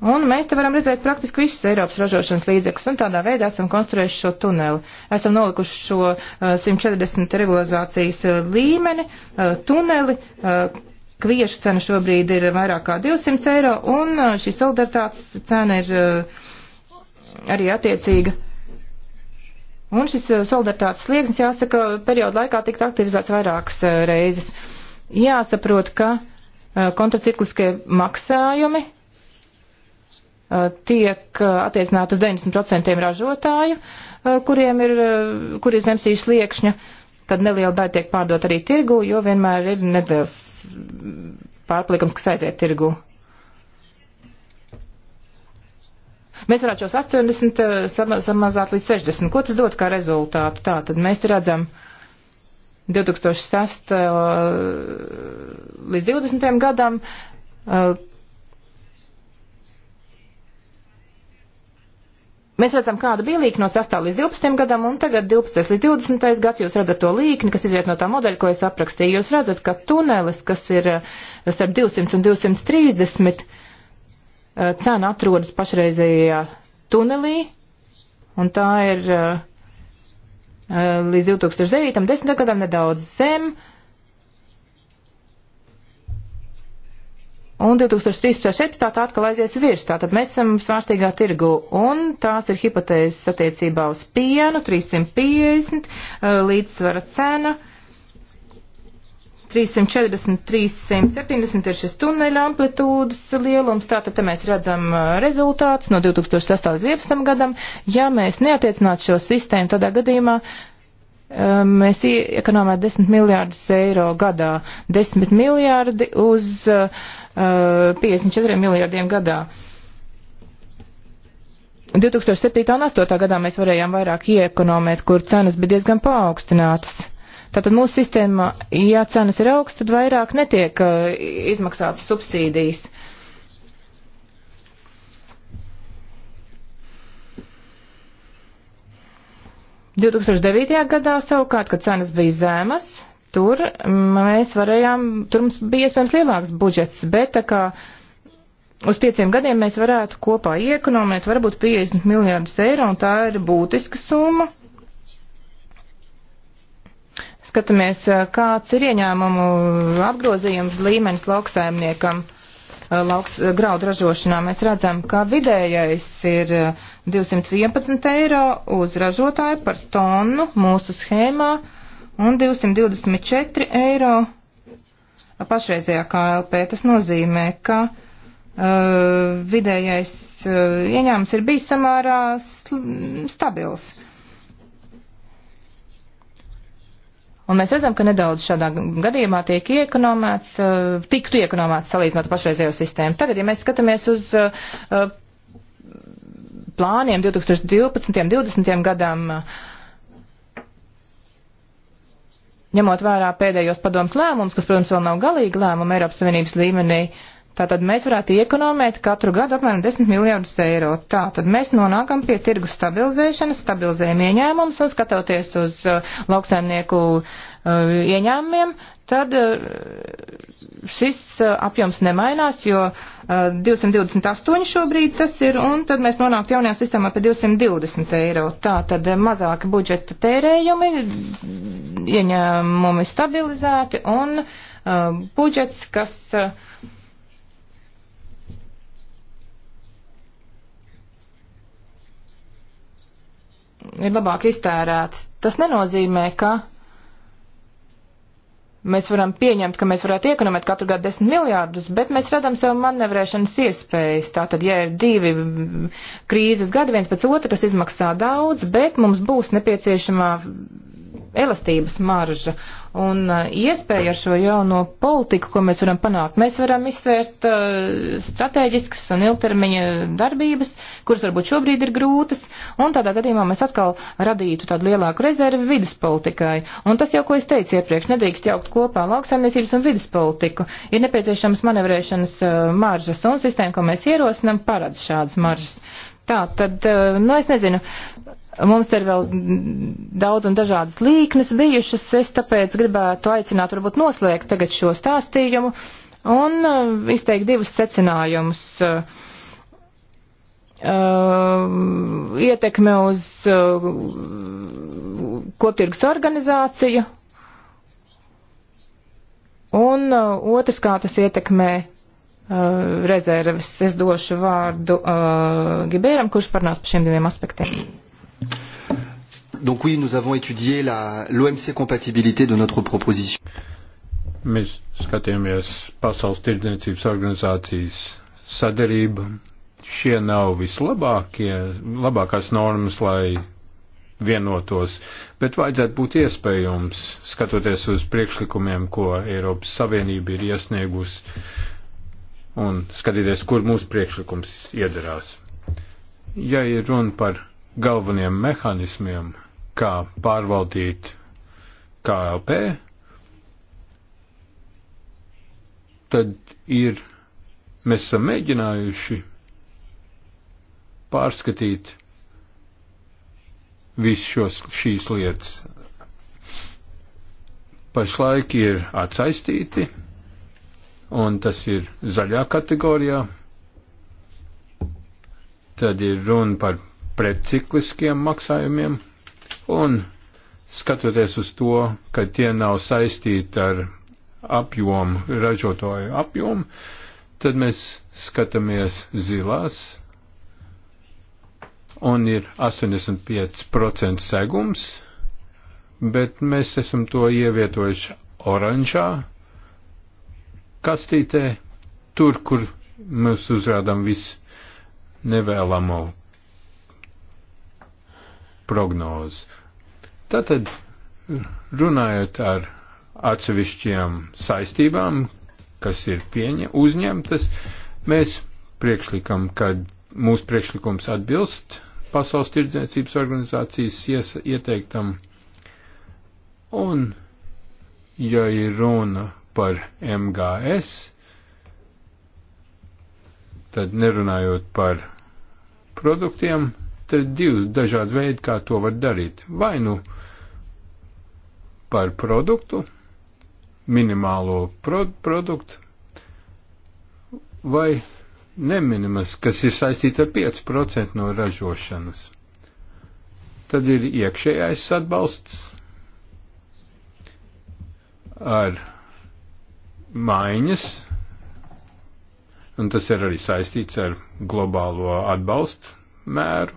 Un mēs te varam redzēt praktiski visus Eiropas ražošanas līdzekļus, un tādā veidā esam konstruējuši šo tuneli. Esam nolikuši šo uh, eh, 140 regularizācijas uh, līmeni, uh, tuneli, uh, kviešu cena šobrīd ir vairāk kā 200 eiro, un uh, šī solidaritātes cena ir uh, arī attiecīga. Un šis uh, solidaritātes slieksnis, jāsaka, periodu laikā tika aktivizēts vairākas uh, reizes. Jāsaprot, ka uh, kontracikliskie maksājumi Eh, tiek eh, attiecināta uz 90% ražotāju, eh, kuriem ir, kur ir zem šī sliekšņa, tad neliela daļa tiek pārdot arī tirgu, jo vienmēr ir nedēļas pārplikums, kas aiziet tirgu. Mēs varētu šos 80 sama, samazāt līdz 60. Ko tas dod kā rezultātu? Tā tad mēs redzam 2006 līdz 20. gadam, Mēs redzam, kāda bija līkne no 6. līdz 12. gadam, un tagad 12. līdz 20. gads jūs redzat to līkni, kas iziet no tā modeļa, ko es aprakstīju. Jūs redzat, ka tunelis, kas ir eh, starp 200 un 230, eh, cena atrodas pašreizējā tunelī, un tā ir eh, līdz 2009. 10. gadam nedaudz zem, Un 2013. tā atkal aizies virs, tātad mēs esam svārstīgā tirgu, un tās ir hipotēzes attiecībā uz pienu, 350 eh, līdzsvara cena, 340, 370 ir šis tuneļa amplitūdas lielums, tātad te mēs redzam eh, rezultātus no 2008. līdz 2011. gadam. Ja mēs neatiecinātu šo sistēmu, tādā gadījumā uh, Ehm, mēs ekonomētu 10 miljārdus eiro gadā, 10 miljārdi uz uh, eh, 54 miljārdiem gadā. 2007. un 2008. gadā mēs varējām vairāk ieekonomēt, kur cenas bija diezgan paaugstinātas. Tātad mūsu sistēmā, ja cenas ir augstas, tad vairāk netiek uh, izmaksātas subsīdijas. Uh, 2009. gadā savukārt, kad cenas bija zemas, tur mēs varējām, tur mums bija iespējams lielāks budžets, bet tā kā uz pieciem gadiem mēs varētu kopā iekonomēt varbūt 50 miljārdus eiro, un tā ir būtiska summa. Skatāmies, kāds ir ieņēmumu apgrozījums līmenis lauksaimniekam. Uh, Uh, lauks uh, graudu ražošanā. Mēs redzam, ka vidējais ir 211 uh, eiro uz ražotāju par tonu mūsu schēmā un 224 eiro pašreizējā KLP. Tas nozīmē, ka uh, vidējais uh, ieņēmums ir bijis samērā stabils. Uh, Un mēs redzam, ka nedaudz šādā gadījumā tiek iekonomēts, uh, tiktu iekonomēts salīdzinot pašreizējo sistēmu. Tagad, ja mēs skatāmies uz uh, uh, plāniem 2012. un 2020. gadam, ņemot vērā pēdējos padomus lēmumus, kas, protams, vēl nav galīgi lēmumi Eiropas Savienības līmenī, uh, Tātad mēs varētu iekonomēt katru gadu apmēram 10 miljardus eiro. Tātad mēs nonākam pie tirgus stabilizēšanas, stabilizējam ieņēmumus un skatoties uz uh, lauksaimnieku uh, ieņēmumiem, tad uh, šis uh, apjoms nemainās, jo 228 uh, šobrīd tas ir, un tad mēs nonāktu jaunajā sistēmā pa 220 eiro. Tā tad mazāki budžeta tērējumi, ieņēmumi stabilizēti un budžets, kas. Uh, ir labāk iztērēts. Tas nenozīmē, ka mēs varam pieņemt, ka mēs varētu iekonomēt katru gadu desmit miljārdus, bet mēs redzam sev manevrēšanas iespējas. Tātad, ja ir divi krīzes gadi viens pēc otra, tas izmaksā daudz, bet mums būs nepieciešamā elastības marža, un uh, iespēja ar šo jauno politiku, ko mēs varam panākt. Mēs varam izsvērt uh, strateģiskas un ilgtermiņa darbības, kuras varbūt šobrīd ir grūtas, un tādā gadījumā mēs atkal radītu tādu lielāku rezervi vidas politikai. Un tas jau, ko es teicu iepriekš, nedrīkst jaukt kopā lauksaimniecības un vidas politiku. Ir nepieciešams manevrēšanas uh, maržas, un sistēma, ko mēs ierosinam, paredz šādas maržas. Tā, tad, uh, nu, es nezinu, Mums ir vēl daudz un dažādas līknes bijušas, es tāpēc gribētu aicināt varbūt noslēgt tagad šo stāstījumu un uh, izteikt divus secinājumus. Uh, ietekme uz uh, koptirgus organizāciju un otrs, kā tas ietekmē rezerves. Es došu vārdu uh, Gibēram, kurš parunās par šiem diviem aspektiem. Donc oui, nous avons étudié l'OMC compatibilité de notre proposition. Mēs skatījāmies Pasaules tirdzniecības organizācijas sadarību. Šie nav vislabākie, labākās normas, lai vienotos, bet vajadzētu būt iespējams, skatoties uz priekšlikumiem, ko Eiropas Savienība ir iesniegusi, un skatīties, kur mūsu priekšlikums iederās. Ja ir runa par galveniem mehānismiem, kā pārvaldīt KLP, tad ir, mēs esam mēģinājuši pārskatīt visus šīs lietas. Pašlaik ir atsaistīti, un tas ir zaļā kategorijā. Tad ir runa par precikliskiem maksājumiem Un skatoties uz to, ka tie nav saistīti ar apjomu, ražotāju apjomu, tad mēs skatāmies zilās, un ir 85% segums, bet mēs esam to ievietojuši oranžā kastītē, tur, kur mēs uzrādām visu nevēlamo prognozi Tātad, runājot ar atsevišķiem saistībām, kas ir pieņa, uzņemtas, mēs priekšlikam, ka mūsu priekšlikums atbilst Pasaules tirdzniecības organizācijas ieteiktam. Un, ja ir runa par MGS, tad nerunājot par produktiem, tad divas dažādi veidi, kā to var darīt. Vai nu par produktu, minimālo pro produktu vai neminimas, kas ir saistīta ar 5% no ražošanas. Tad ir iekšējais atbalsts ar maiņas, un tas ir arī saistīts ar globālo atbalstu mēru.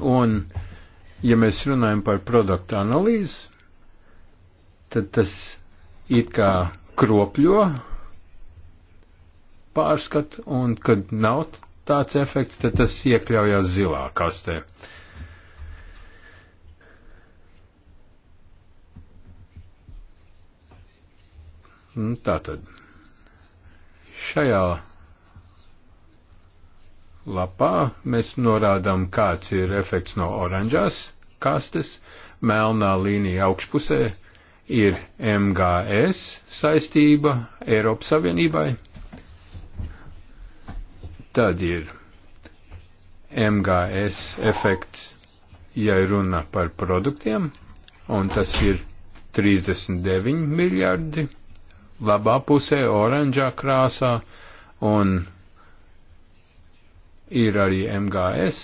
Un uh, ja mēs runājam par produktu analīzi, tad tas it kā kropļo pārskatu, un kad nav tāds efekts, tad tas iekļaujās zilā kastē. Nu, tā tad šajā lapā mēs norādām, kāds ir efekts no oranžās kastes, melnā līnija augšpusē ir MGS saistība Eiropas Savienībai, tad ir MGS efekts, ja runa par produktiem, un tas ir 39 miljardi, labā pusē oranžā krāsā, un ir arī MGS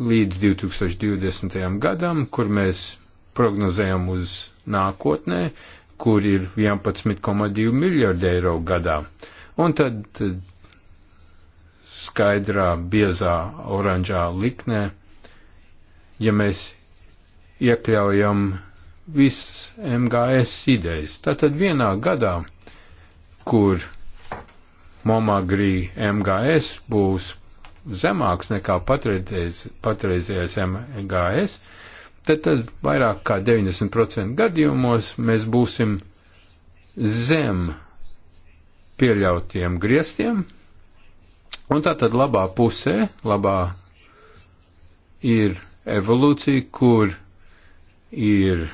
līdz 2020. gadam, kur mēs prognozējam uz nākotnē, kur ir 11,2 miljardi eiro gadā. Un tad, tad skaidrā, biezā, oranžā liknē, ja mēs iekļaujam viss MGS idejas. Tātad vienā gadā, kur Momagrī MGS būs zemāks nekā patreiz, patreizējais MGS, tad, tad vairāk kā 90% gadījumos mēs būsim zem pieļautiem griestiem, un tā tad labā pusē, labā ir evolūcija, kur ir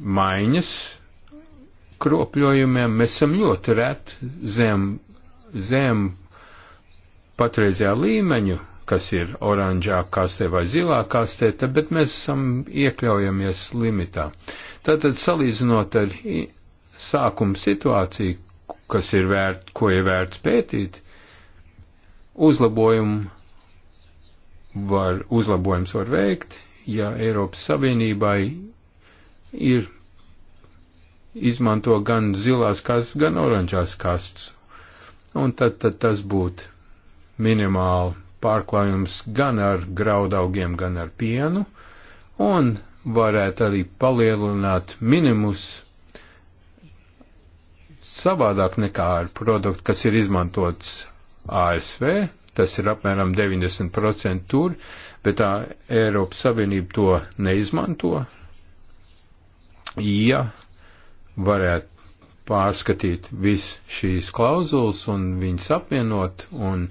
maiņas, kropļojumiem. Mēs esam ļoti reti zem, zem patreizējā līmeņa, kas ir oranžā kastē vai zilā kastē, bet mēs esam iekļaujamies limitā. Tātad salīdzinot ar sākumu situāciju, kas ir vērt, ko ir vērts pētīt, uzlabojumu var, uzlabojums var veikt, ja Eiropas Savienībai ir izmanto gan zilās kastes, gan oranžās kastes. Un tad, tad tas būtu minimāli pārklājums gan ar graudaugiem, gan ar pienu, un varētu arī palielināt minimus savādāk nekā ar produktu, kas ir izmantots ASV, tas ir apmēram 90% tur, bet tā Eiropas Savienība to neizmanto. Ja varētu pārskatīt visu šīs klauzulas un viņas apvienot un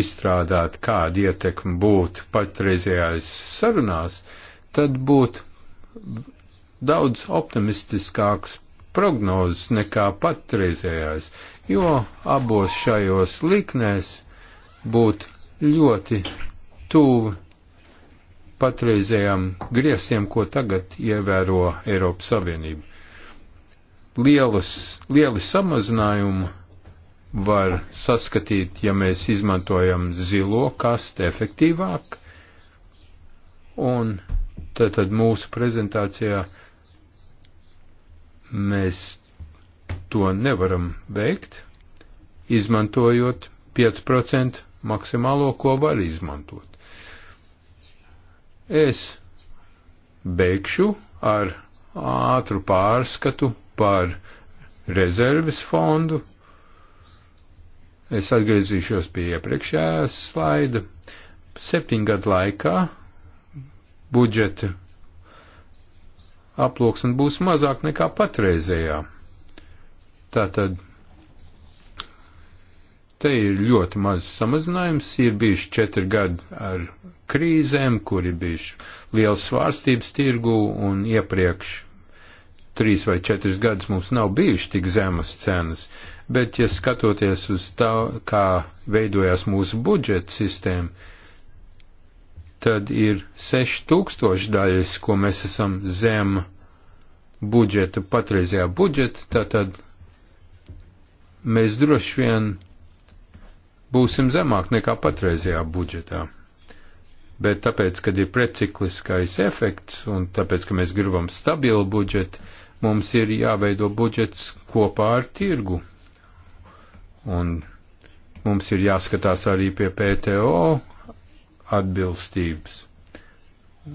izstrādāt, kāda ietekme būtu patreizējās sarunās, tad būtu daudz optimistiskāks prognozes nekā patreizējās, jo abos šajos liknēs būtu ļoti tuvu patreizējām griesiem, ko tagad ievēro Eiropas Savienība lielas, lieli samazinājumi var saskatīt, ja mēs izmantojam zilo kastu efektīvāk. Un tad, tad mūsu prezentācijā mēs to nevaram veikt, izmantojot 5% maksimālo, ko var izmantot. Es beigšu ar ātru pārskatu par rezerves fondu. Es atgriezīšos pie iepriekšējā slaida. Septiņu gadu laikā budžeta aploksne būs mazāk nekā patreizējā. Tātad te ir ļoti maz samazinājums, ir bijuši četri gadi ar krīzēm, kuri bijuši liels svārstības tirgu un iepriekš trīs vai četrus gadus mums nav bijuši tik zemas cenas, bet, ja skatoties uz tā, kā veidojās mūsu budžeta sistēma, tad ir 6000 daļas, ko mēs esam zem budžeta, patreizajā budžeta, tātad mēs droši vien būsim zemāk nekā patreizajā budžetā bet tāpēc, kad ir precikliskais efekts un tāpēc, ka mēs gribam stabilu budžetu, mums ir jāveido budžets kopā ar tirgu. Un mums ir jāskatās arī pie PTO atbilstības.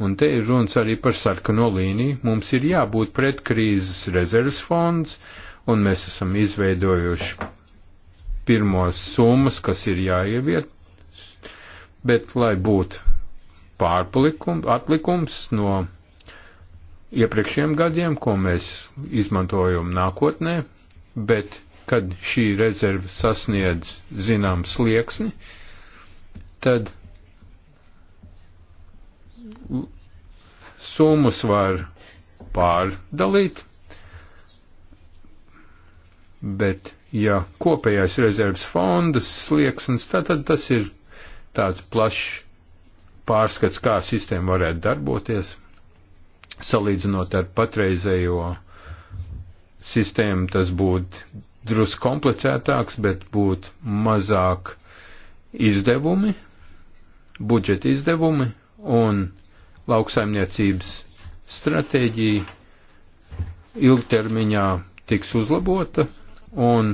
Un te ir runas arī par sarkano līniju. Mums ir jābūt pret krīzes rezerves fonds, un mēs esam izveidojuši pirmos summas, kas ir jāieviet, bet lai būtu pārpalikums no iepriekšējiem gadiem, ko mēs izmantojam nākotnē, bet kad šī rezerve sasniedz zinām slieksni, tad summas var pārdalīt, bet ja kopējais rezerves fondas slieksnis, tad, tad tas ir tāds plašs pārskats, kā sistēma varētu darboties, salīdzinot ar patreizējo sistēmu, tas būtu drusku komplicētāks, bet būtu mazāk izdevumi, budžeta izdevumi un lauksaimniecības stratēģija ilgtermiņā tiks uzlabota un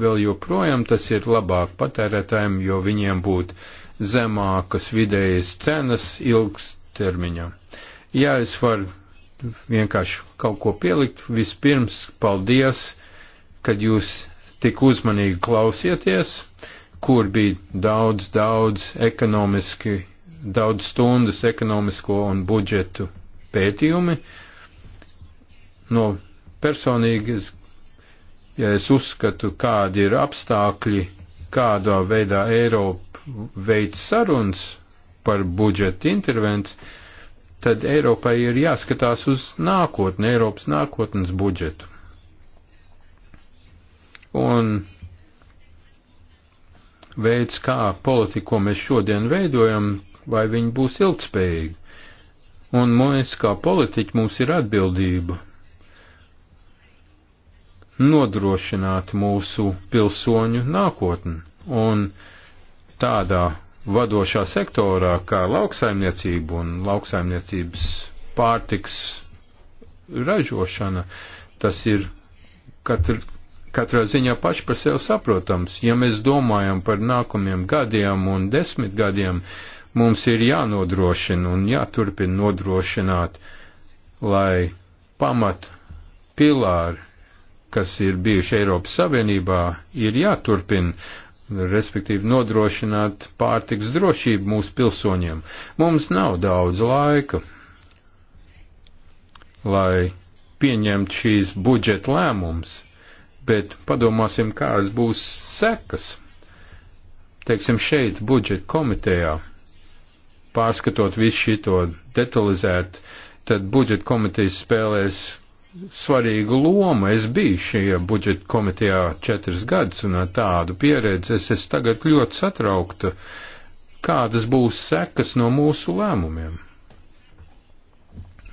vēl joprojām tas ir labāk patērētājiem, jo viņiem būtu zemākas vidējas cenas ilgstermiņā. Ja es varu vienkārši kaut ko pielikt, vispirms paldies, kad jūs tik uzmanīgi klausieties, kur bija daudz, daudz ekonomiski, daudz stundas ekonomisko un budžetu pētījumi. No personīgi, es, ja es uzskatu, kādi ir apstākļi, kādā veidā Eiropa veids sarunas par budžeta intervences, tad Eiropai ir jāskatās uz nākotni, Eiropas nākotnes budžetu. Un veids, kā politiku, ko mēs šodien veidojam, vai viņi būs ilgspējīgi. Un mēs, kā politiķi, mums ir atbildība nodrošināt mūsu pilsoņu nākotni. Un tādā vadošā sektorā kā lauksaimniecība un lauksaimniecības pārtiks ražošana, tas ir katr, katrā ziņā paši par sevi saprotams. Ja mēs domājam par nākamajiem gadiem un desmitgadiem, mums ir jānodrošina un jāturpina nodrošināt, lai pamat pilāri, kas ir bijuši Eiropas Savienībā, ir jāturpina, respektīvi nodrošināt pārtiks drošību mūsu pilsoņiem. Mums nav daudz laika, lai pieņemtu šīs budžeta lēmumus, bet padomāsim, kādas būs sekas. Teiksim, šeit budžeta komitejā, pārskatot visu šito detalizēt, tad budžeta komitejas spēlēs svarīgu lomu. Es biju šajā budžeta komitejā četras gadus un ar tādu pieredzi es, es tagad ļoti satrauktu, kādas būs sekas no mūsu lēmumiem.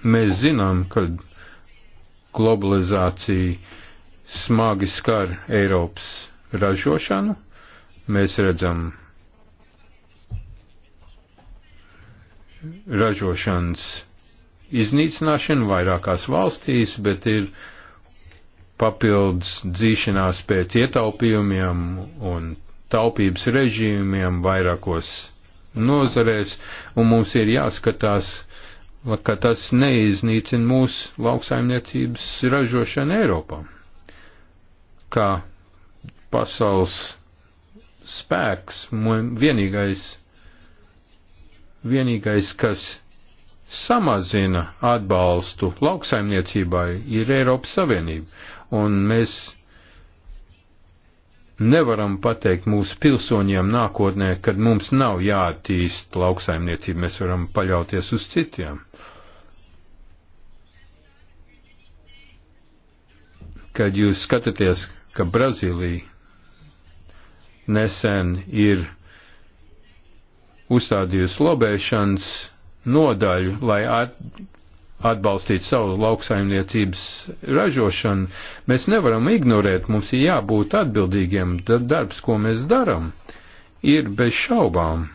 Mēs zinām, ka globalizācija smagi skar Eiropas ražošanu. Mēs redzam ražošanas iznīcināšanu vairākās valstīs, bet ir papildus dzīšanās pēc ietaupījumiem un taupības režīmiem vairākos nozarēs, un mums ir jāskatās, ka tas neiznīcina mūsu lauksaimniecības ražošanu Eiropā. Kā pasaules spēks, vienīgais, vienīgais, kas samazina atbalstu lauksaimniecībai, ir Eiropas Savienība. Un mēs nevaram pateikt mūsu pilsoņiem nākotnē, kad mums nav jātīst lauksaimniecība, mēs varam paļauties uz citiem. Kad jūs skatāties, ka Brazīlija nesen ir uzstādījusi lobēšanas nodaļu, lai atbalstītu savu lauksaimniecības ražošanu, mēs nevaram ignorēt, mums ir jābūt atbildīgiem, tad darbs, ko mēs daram, ir bez šaubām.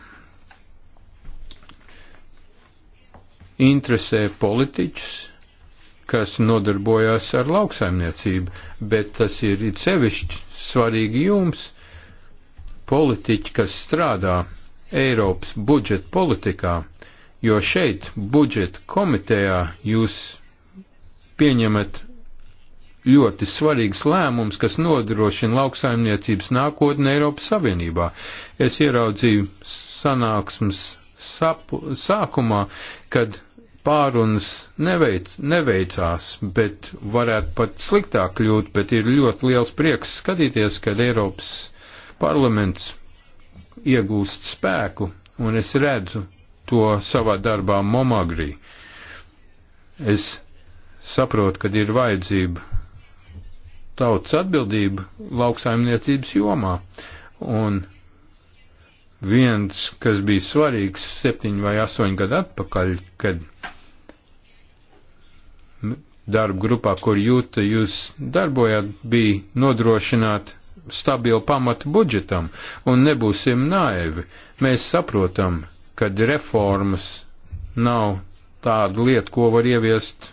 Interesē politiķus, kas nodarbojās ar lauksaimniecību, bet tas ir it sevišķi svarīgi jums, politiķi, kas strādā Eiropas budžeta politikā jo šeit budžeta komitejā jūs pieņemat ļoti svarīgs lēmums, kas nodrošina lauksaimniecības nākotni Eiropas Savienībā. Es ieraudzīju sanāksmes sapu, sākumā, kad pārunas neveic, neveicās, bet varētu pat sliktāk kļūt, bet ir ļoti liels prieks skatīties, kad Eiropas parlaments iegūst spēku, un es redzu, to savā darbā Momagrī. Es saprotu, ka ir vajadzība tautas atbildība lauksaimniecības jomā. Un viens, kas bija svarīgs septiņu vai astoņu gadu atpakaļ, kad darba grupā, kur jūta jūs darbojāt, bija nodrošināt stabilu pamatu budžetam, un nebūsim naivi. Mēs saprotam, kad reformas nav tāda lieta, ko var ieviest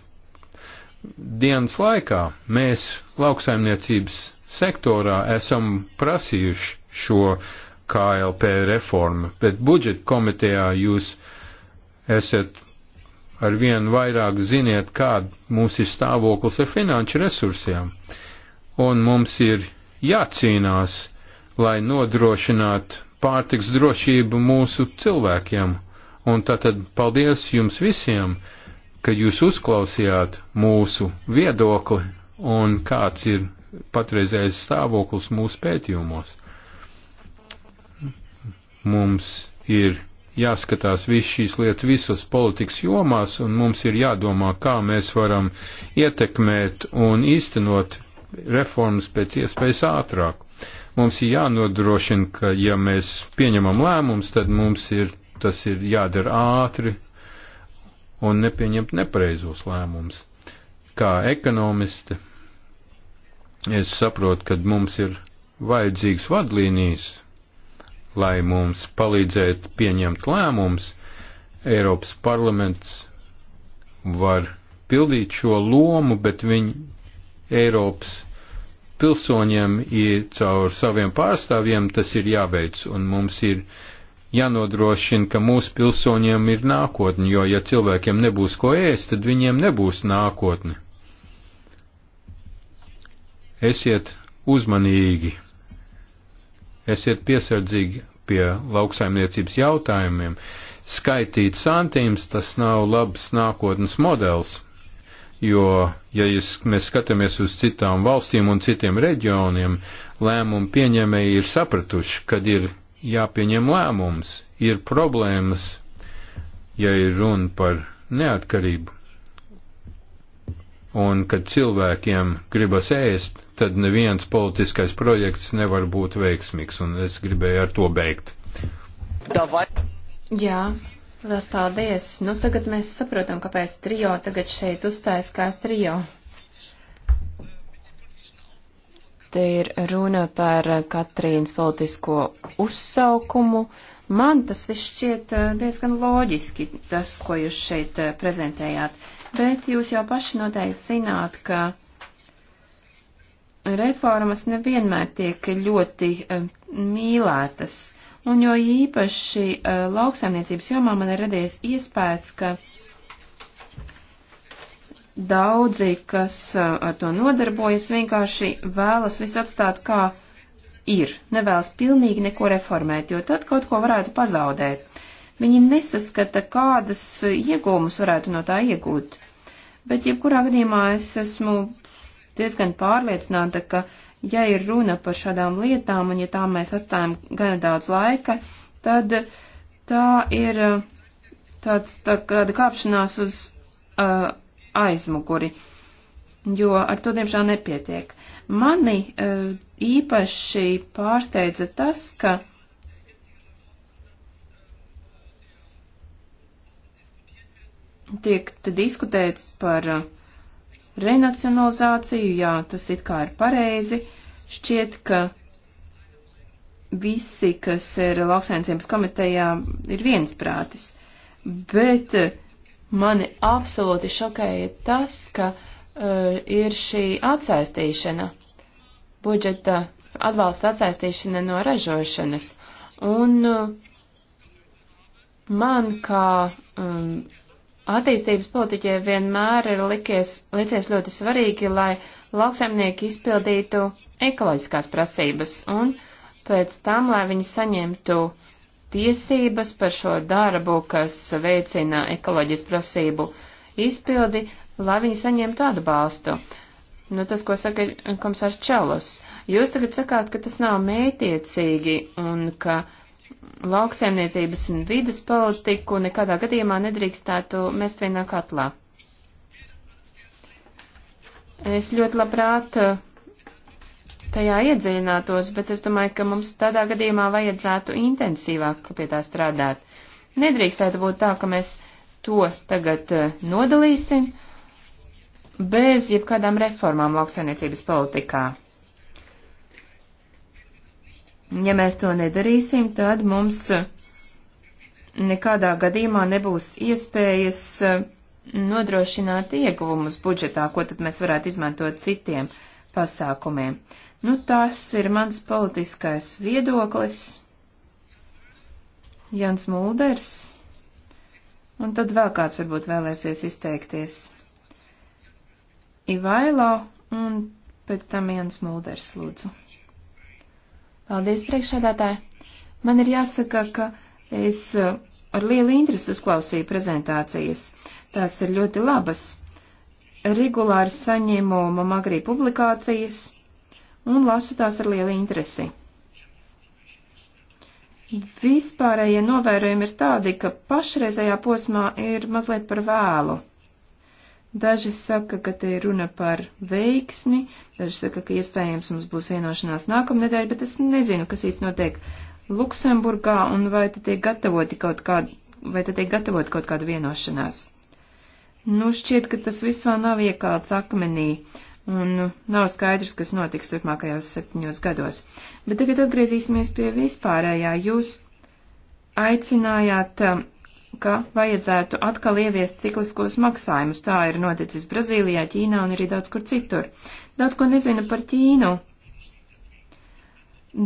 dienas laikā. Mēs lauksaimniecības sektorā esam prasījuši šo KLP reformu, bet budžeta komitejā jūs esat ar vien vairāk ziniet, kāda mums ir stāvoklis ar finanšu resursiem. Un mums ir jācīnās, lai nodrošinātu pārtiks drošību mūsu cilvēkiem. Un tātad paldies jums visiem, ka jūs uzklausījāt mūsu viedokli un kāds ir patreizējais stāvoklis mūsu pētījumos. Mums ir jāskatās viss šīs lietas visos politikas jomās, un mums ir jādomā, kā mēs varam ietekmēt un īstenot reformas pēc iespējas ātrāk. Mums ir jānodrošina, ka ja mēs pieņemam lēmums, tad mums ir, tas ir jādara ātri un nepieņemt nepareizos lēmumus. Kā ekonomisti, es saprotu, ka mums ir vajadzīgs vadlīnijas, lai mums palīdzētu pieņemt lēmumus. Eiropas parlaments var pildīt šo lomu, bet viņi Eiropas pilsoņiem ir caur saviem pārstāvjiem tas ir jāveic, un mums ir jānodrošina, ka mūsu pilsoņiem ir nākotne, jo ja cilvēkiem nebūs ko ēst, tad viņiem nebūs nākotne. Esiet uzmanīgi, esiet piesardzīgi pie lauksaimniecības jautājumiem. Skaitīt santīms tas nav labs nākotnes modelis jo, ja jūs, mēs skatāmies uz citām valstīm un citiem reģioniem, lēmumu pieņēmēji ir sapratuši, kad ir jāpieņem lēmums, ir problēmas, ja ir runa par neatkarību. Un, kad cilvēkiem gribas ēst, tad neviens politiskais projekts nevar būt veiksmīgs, un es gribēju ar to beigt. Davai. Jā, Lielas paldies! Nu, tagad mēs saprotam, kāpēc trijo tagad šeit uzstājas kā trijo. Te ir runa par Katrīnas politisko uzsaukumu. Man tas viss šķiet eh, diezgan loģiski, tas, ko jūs šeit eh, prezentējāt. Bet jūs jau paši noteikti zināt, ka reformas nevienmēr tiek ļoti eh, mīlētas un jo īpaši uh, lauksaimniecības jomā man ir radies iespējas, ka daudzi, kas uh, ar to nodarbojas, vienkārši vēlas visu atstāt kā ir, nevēlas pilnīgi neko reformēt, jo tad kaut ko varētu pazaudēt. Viņi nesaskata, kādas iegūmas varētu no tā iegūt. Bet, jebkurā gadījumā, es esmu diezgan pārliecināta, ka uh, ja ir runa par šādām lietām un ja tām mēs atstājam gana daudz laika, tad tā ir uh, tāds tā kāda kāpšanās uz uh, aizmuguri, jo ar to diemžēl nepietiek. Mani uh, īpaši pārsteidza tas, ka tiek diskutēts par uh, renacionalizāciju, jā, tas it kā ir pareizi. Šķiet, ka visi, kas ir lauksainicības komitejā, ir viensprātis. Bet eh, mani absolūti šokēja tas, ka uh, ir šī atsaistīšana, budžeta atbalsta atsaistīšana no ražošanas. Un uh, man kā um, attīstības politiķiem vienmēr ir likies, licies ļoti svarīgi, lai lauksaimnieki izpildītu ekoloģiskās prasības un pēc tam, lai viņi saņemtu tiesības par šo darbu, kas veicina ekoloģijas prasību izpildi, lai viņi saņemtu atbalstu. Nu, tas, ko saka komisārs Čelus, jūs tagad sakāt, ka tas nav mētiecīgi un ka uh, lauksaimniecības un vides politiku nekādā gadījumā nedrīkstētu mest vienā katlā. Es ļoti labprāt eh, tajā iedziļinātos, bet es domāju, ka mums tādā gadījumā vajadzētu intensīvāk pie tā strādāt. Nedrīkstētu būt tā, ka mēs to tagad eh, nodalīsim bez jebkādām reformām lauksainiecības politikā. Ja mēs to nedarīsim, tad mums nekādā gadījumā nebūs iespējas uh, nodrošināt ieguvumus budžetā, ko tad mēs varētu izmantot citiem pasākumiem. Nu, tas ir mans politiskais viedoklis. Jans Mulders. Un tad vēl kāds varbūt vēlēsies izteikties. Ivailo un pēc tam Jans Mulders lūdzu. Paldies, priekšsēdētāji. Man ir jāsaka, ka es uh, ar lielu interesi uzklausīju prezentācijas. Tās ir ļoti labas. Regulāri saņēmu mamagrī publikācijas un lasu tās ar lielu interesi. Vispārējie novērojumi ir tādi, ka pašreizējā posmā ir mazliet par vēlu. Daži saka, ka te ir runa par veiksmi, daži saka, ka iespējams mums būs vienošanās nākamnedēļ, bet es nezinu, kas īsti notiek Luksemburgā un vai te tiek gatavoti kaut kādu, vai te tiek gatavoti kaut kāda vienošanās. Nu, šķiet, ka tas viss vēl nav iekalts akmenī un nav skaidrs, kas notiks turpmākajos septiņos gados. Bet tagad atgriezīsimies pie vispārējā. Jūs aicinājāt um, ka vajadzētu atkal ieviest cikliskos maksājumus. Tā ir noticis Brazīlijā, Ķīnā un arī daudz kur citur. Daudz ko nezinu par Ķīnu.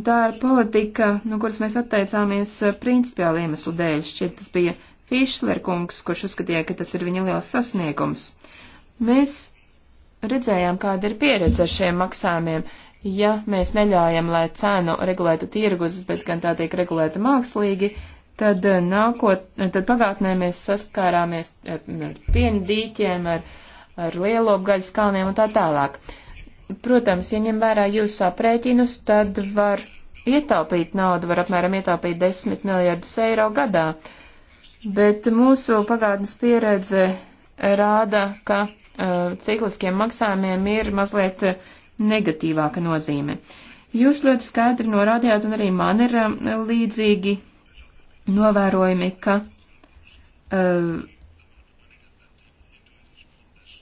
Tā ir politika, no kuras mēs atteicāmies eh, principiāli iemeslu dēļ. Šķiet, tas bija Fišler kungs, kurš uzskatīja, ka tas ir viņa liels sasniegums. Mēs redzējām, kāda ir pieredze ar šiem maksājumiem. Ja mēs neļaujam, lai cenu regulētu tirgus, bet gan tā tiek regulēta mākslīgi, tad, eh, nākot, eh, tad pagātnē mēs saskārāmies eh, ar, ar pienu dīķiem, ar, ar lielopgaļas kalniem un tā tālāk. Protams, ja ņem vērā jūsu aprēķinus, tad var ietaupīt naudu, var apmēram ietaupīt 10 miljardus eiro gadā. Bet mūsu pagātnes pieredze rāda, ka uh, cikliskiem maksājumiem ir mazliet negatīvāka nozīme. Jūs ļoti skaidri norādījāt, un arī man ir uh, līdzīgi novērojami, ka uh,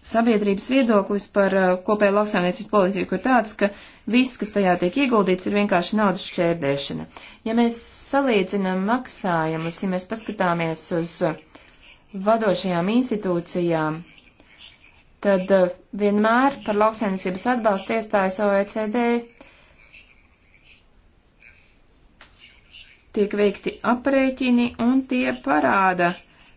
sabiedrības viedoklis par uh, e, kopēju lauksaimniecības politiku ir tāds, ka viss, kas tajā tiek ieguldīts, ir vienkārši naudas šķērdēšana. Ja mēs salīdzinām maksājumus, ja mēs paskatāmies uz vadošajām institūcijām, tad uh, vienmēr par lauksaimniecības atbalstu iestājas OECD. tiek veikti aprēķini un tie parāda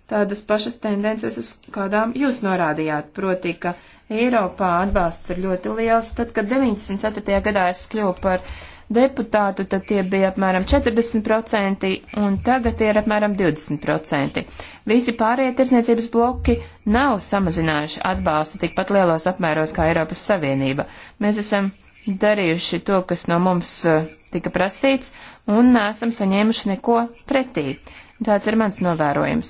tādas pašas tendences, uz kādām jūs norādījāt, proti, ka Eiropā atbalsts ir ļoti liels. Tad, kad 94. gadā es kļuvu par deputātu, tad tie bija apmēram 40% un tagad ir apmēram 20%. Visi pārējie tirsniecības bloki nav samazinājuši atbalstu tikpat lielos apmēros kā Eiropas Savienība. Mēs esam darījuši to, kas no mums eh, tika prasīts, un nesam saņēmuši neko pretī. Tāds ir mans novērojums.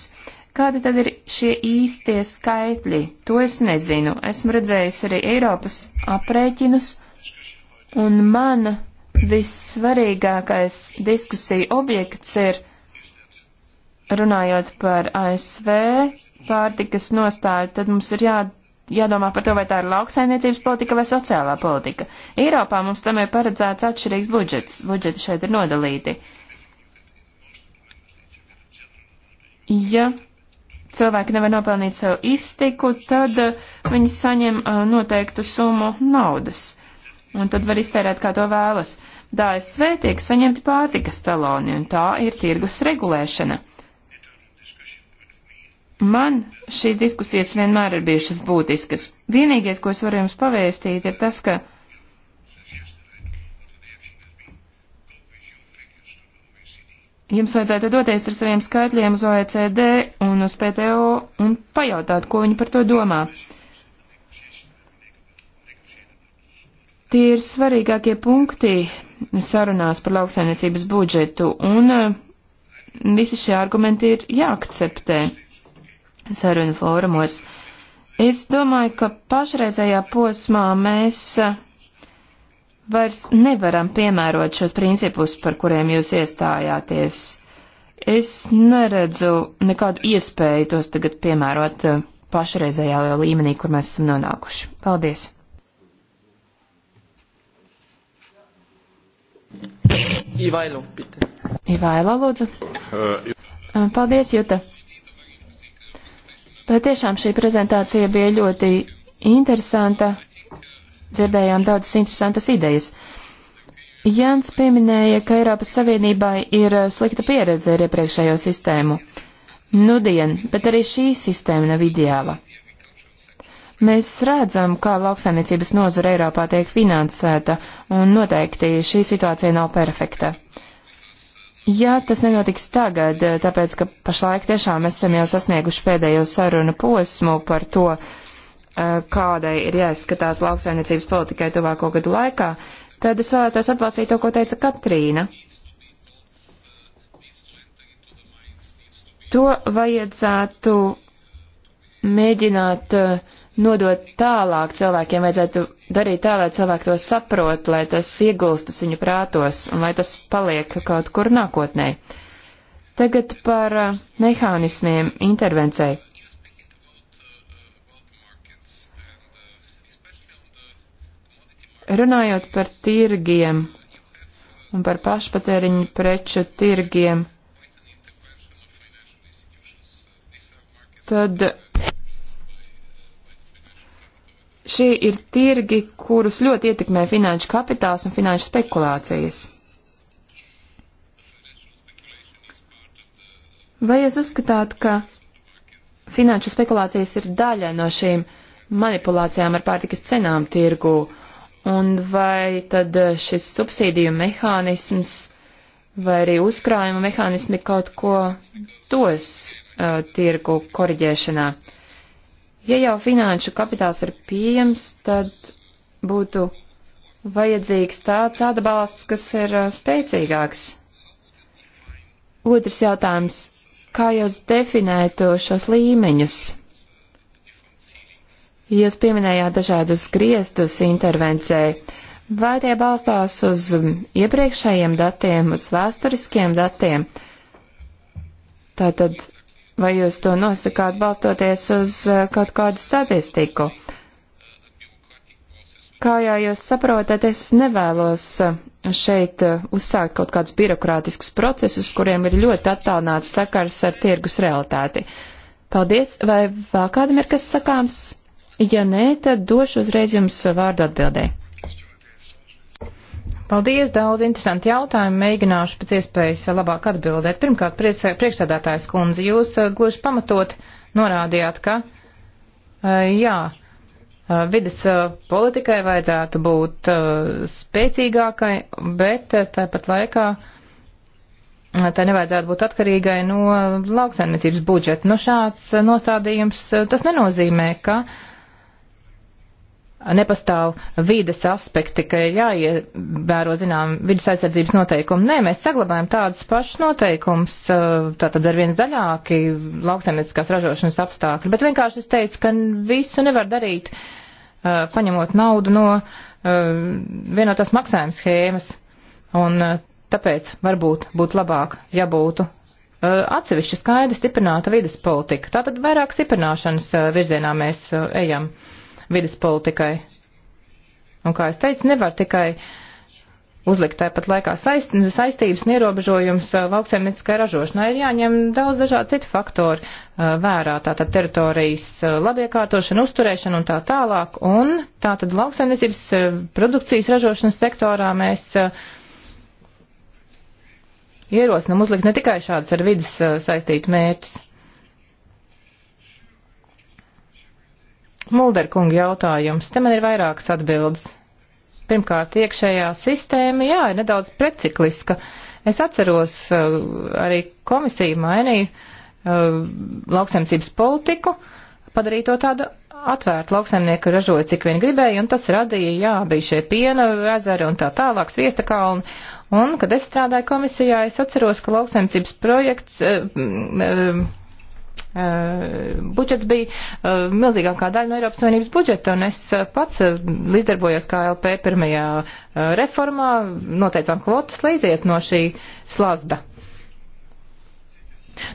Kādi tad ir šie īstie skaitļi? To es nezinu. Esmu redzējis arī Eiropas aprēķinus, un man vissvarīgākais diskusija objekts ir, runājot par ASV pārtikas nostāju, tad mums ir jā, jādomā par to, vai tā ir lauksainiecības politika vai sociālā politika. Eiropā mums tam ir paredzēts atšķirīgs budžets. Budžeti šeit ir nodalīti. Ja cilvēki nevar nopelnīt sev iztiku, tad uh, viņi saņem uh, noteiktu summu naudas. Un tad var iztērēt, kā to vēlas. DSV tiek saņemti pārtikas taloni, un tā ir tirgus regulēšana. Man šīs diskusijas vienmēr ir bijušas būtiskas. Vienīgais, ko es varu jums pavēstīt, ir tas, ka jums vajadzētu doties ar saviem skaitļiem uz OECD un uz PTO un pajautāt, ko viņi par to domā. Tie ir svarīgākie punkti sarunās par lauksainiecības budžetu, un eh, visi šie argumenti ir jāakceptē sarunu fórumos. Es domāju, ka pašreizējā posmā mēs eh, vairs nevaram piemērot šos principus, par kuriem jūs iestājāties. Es neredzu nekādu iespēju tos tagad piemērot eh, pašreizējā līmenī, kur mēs esam nonākuši. Paldies! Ivailo, Ivailo lūdzu. Uh, eh, paldies, Juta. Patiešām šī prezentācija bija ļoti interesanta. Dzirdējām daudzas interesantas idejas. Jans pieminēja, ka Eiropas Savienībai ir eh, slikta pieredze ar iepriekšējo sistēmu. Nudien, bet arī šī sistēma nav ideāla. Mēs redzam, kā lauksaimniecības nozara Eiropā tiek finansēta, un noteikti šī situācija nav perfekta. Ja tas nenotiks tagad, eh, tāpēc, ka pašlaik tiešām esam jau sasnieguši pēdējo sarunu posmu par to, eh, kādai ir jāizskatās lauksaimniecības politikai tuvāko gadu laikā, tad es vēlētos atbalstīt to, ko teica Katrīna. To vajadzētu mēģināt uh, nodot tālāk cilvēkiem, vajadzētu darīt tā, lai cilvēki to saprot, lai tas iegulstas viņu prātos un lai tas paliek kaut kur nākotnē. Tagad par uh, mehānismiem intervencei. Runājot par tirgiem un par pašpatēriņu preču tirgiem, tad Šie ir tirgi, kurus ļoti ietekmē finanšu kapitāls un finanšu spekulācijas. Vai jūs uzskatāt, ka finanšu spekulācijas ir daļa no šīm manipulācijām ar pārtikas cenām tirgū? Un vai tad šis subsīdiju mehānisms vai arī uzkrājuma mehānismi kaut ko dos uh, tirgu koriģēšanā? Ja jau finanšu kapitāls ir pieejams, tad būtu vajadzīgs tāds atbalsts, kas ir uh, spēcīgāks. Otrs jautājums. Kā jūs definētu šos līmeņus? Jūs pieminējāt dažādus griestus intervencei. Vai tie balstās uz iepriekšējiem datiem, uz vēsturiskiem datiem? Tātad Vai jūs to nosakāt balstoties uz eh, kaut kādu statistiku? Kā jau jūs saprotat, es nevēlos eh, šeit eh, uzsākt kaut kādus birokrātiskus procesus, kuriem ir ļoti attālināts sakars ar tirgus realitāti. Paldies, vai vēl kādam ir kas sakāms? Ja nē, tad došu uzreiz jums vārdu atbildēji. Paldies, daudz interesanti jautājumi. Mēģināšu pēc iespējas labāk atbildēt. Pirmkārt, priekšsēdētājs kundze, jūs eh, gluži pamatot norādījāt, ka eh, jā, eh, vidas politikai vajadzētu būt spēcīgākai, bet tāpat laikā tā nevajadzētu būt atkarīgai no lauksaimniecības budžeta. Nu, šāds nostādījums tas nenozīmē, ka uh, nepastāv vides aspekti, ka ir jāievēro, zinām, vidas aizsardzības noteikumi. Nē, mēs saglabājam tādus pašus noteikumus, tātad arvien zaļāki lauksaimnieciskās ražošanas apstākļi, bet vienkārši es teicu, ka visu nevar darīt, paņemot naudu no vienotās maksājuma schēmas, un tāpēc varbūt būtu labāk, ja būtu atsevišķa skaidri stiprināta vidas politika. Tātad vairāk stiprināšanas virzienā mēs ejam. Uh, vidas politikai. Un, kā es teicu, nevar tikai uzlikt tāpat laikā saist, saistības un ierobežojums lauksaimnieciskai ražošanai. Ir jāņem daudz dažādu citu faktoru vērā, tātad teritorijas labiekārtošana, uzturēšana un tā tālāk. Un tātad lauksaimniecības produkcijas ražošanas sektorā mēs ierosinam uzlikt ne tikai šādus ar vidas saistītu mērķus. Mulderkunga jautājums. Te man ir vairākas atbildes. Pirmkārt, iekšējā sistēma, jā, ir nedaudz precikliska. Es atceros, uh, arī komisija mainīja uh, lauksaimniecības politiku, padarīja to tādu atvērtu. Lauksaimnieki ražoja, cik vien gribēja, un tas radīja, jā, bija šie piena ezeri un tā tālāk, sviesta kalni. Un, kad es strādāju komisijā, es atceros, ka lauksaimniecības projekts. Uh, uh, Eh, budžets bija eh, milzīgākā daļa no Eiropas Savienības budžeta, un es eh, pats līdzdarbojos kā LP pirmajā reformā, noteicām kvotas, lai iziet no šī slazda.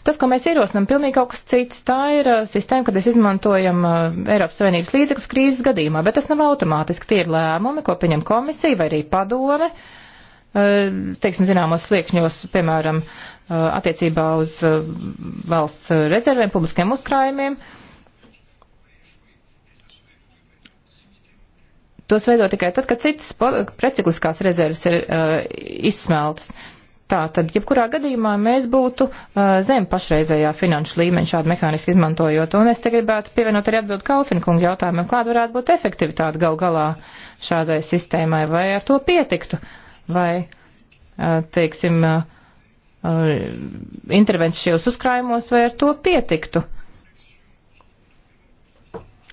Tas, ko mēs ierosinām, pilnīgi kaut kas cits. Tā ir sistēma, kad mēs izmantojam Eiropas Savienības līdzekļus krīzes gadījumā, bet tas nav automātiski. Tie ir lēmumi, ko pieņem komisija vai arī padome. Uh, Eh, teiksim, zināmos sliekšņos, piemēram, eh, attiecībā uz eh, valsts rezervēm, publiskiem uzkrājumiem. Tos veido tikai tad, kad citas precikliskās rezerves ir uh, izsmeltas. Tā tad, jebkurā gadījumā mēs būtu uh, zem pašreizējā finanšu līmeņa šādu mehānisku izmantojot. Un es te gribētu pievienot arī atbildu Kalfinkungu jautājumam, kāda varētu būt efektivitāte gal galā šādai sistēmai, vai ar to pietiktu. Uh, vai, teiksim, intervences šajos uzkrājumos, vai ar to pietiktu.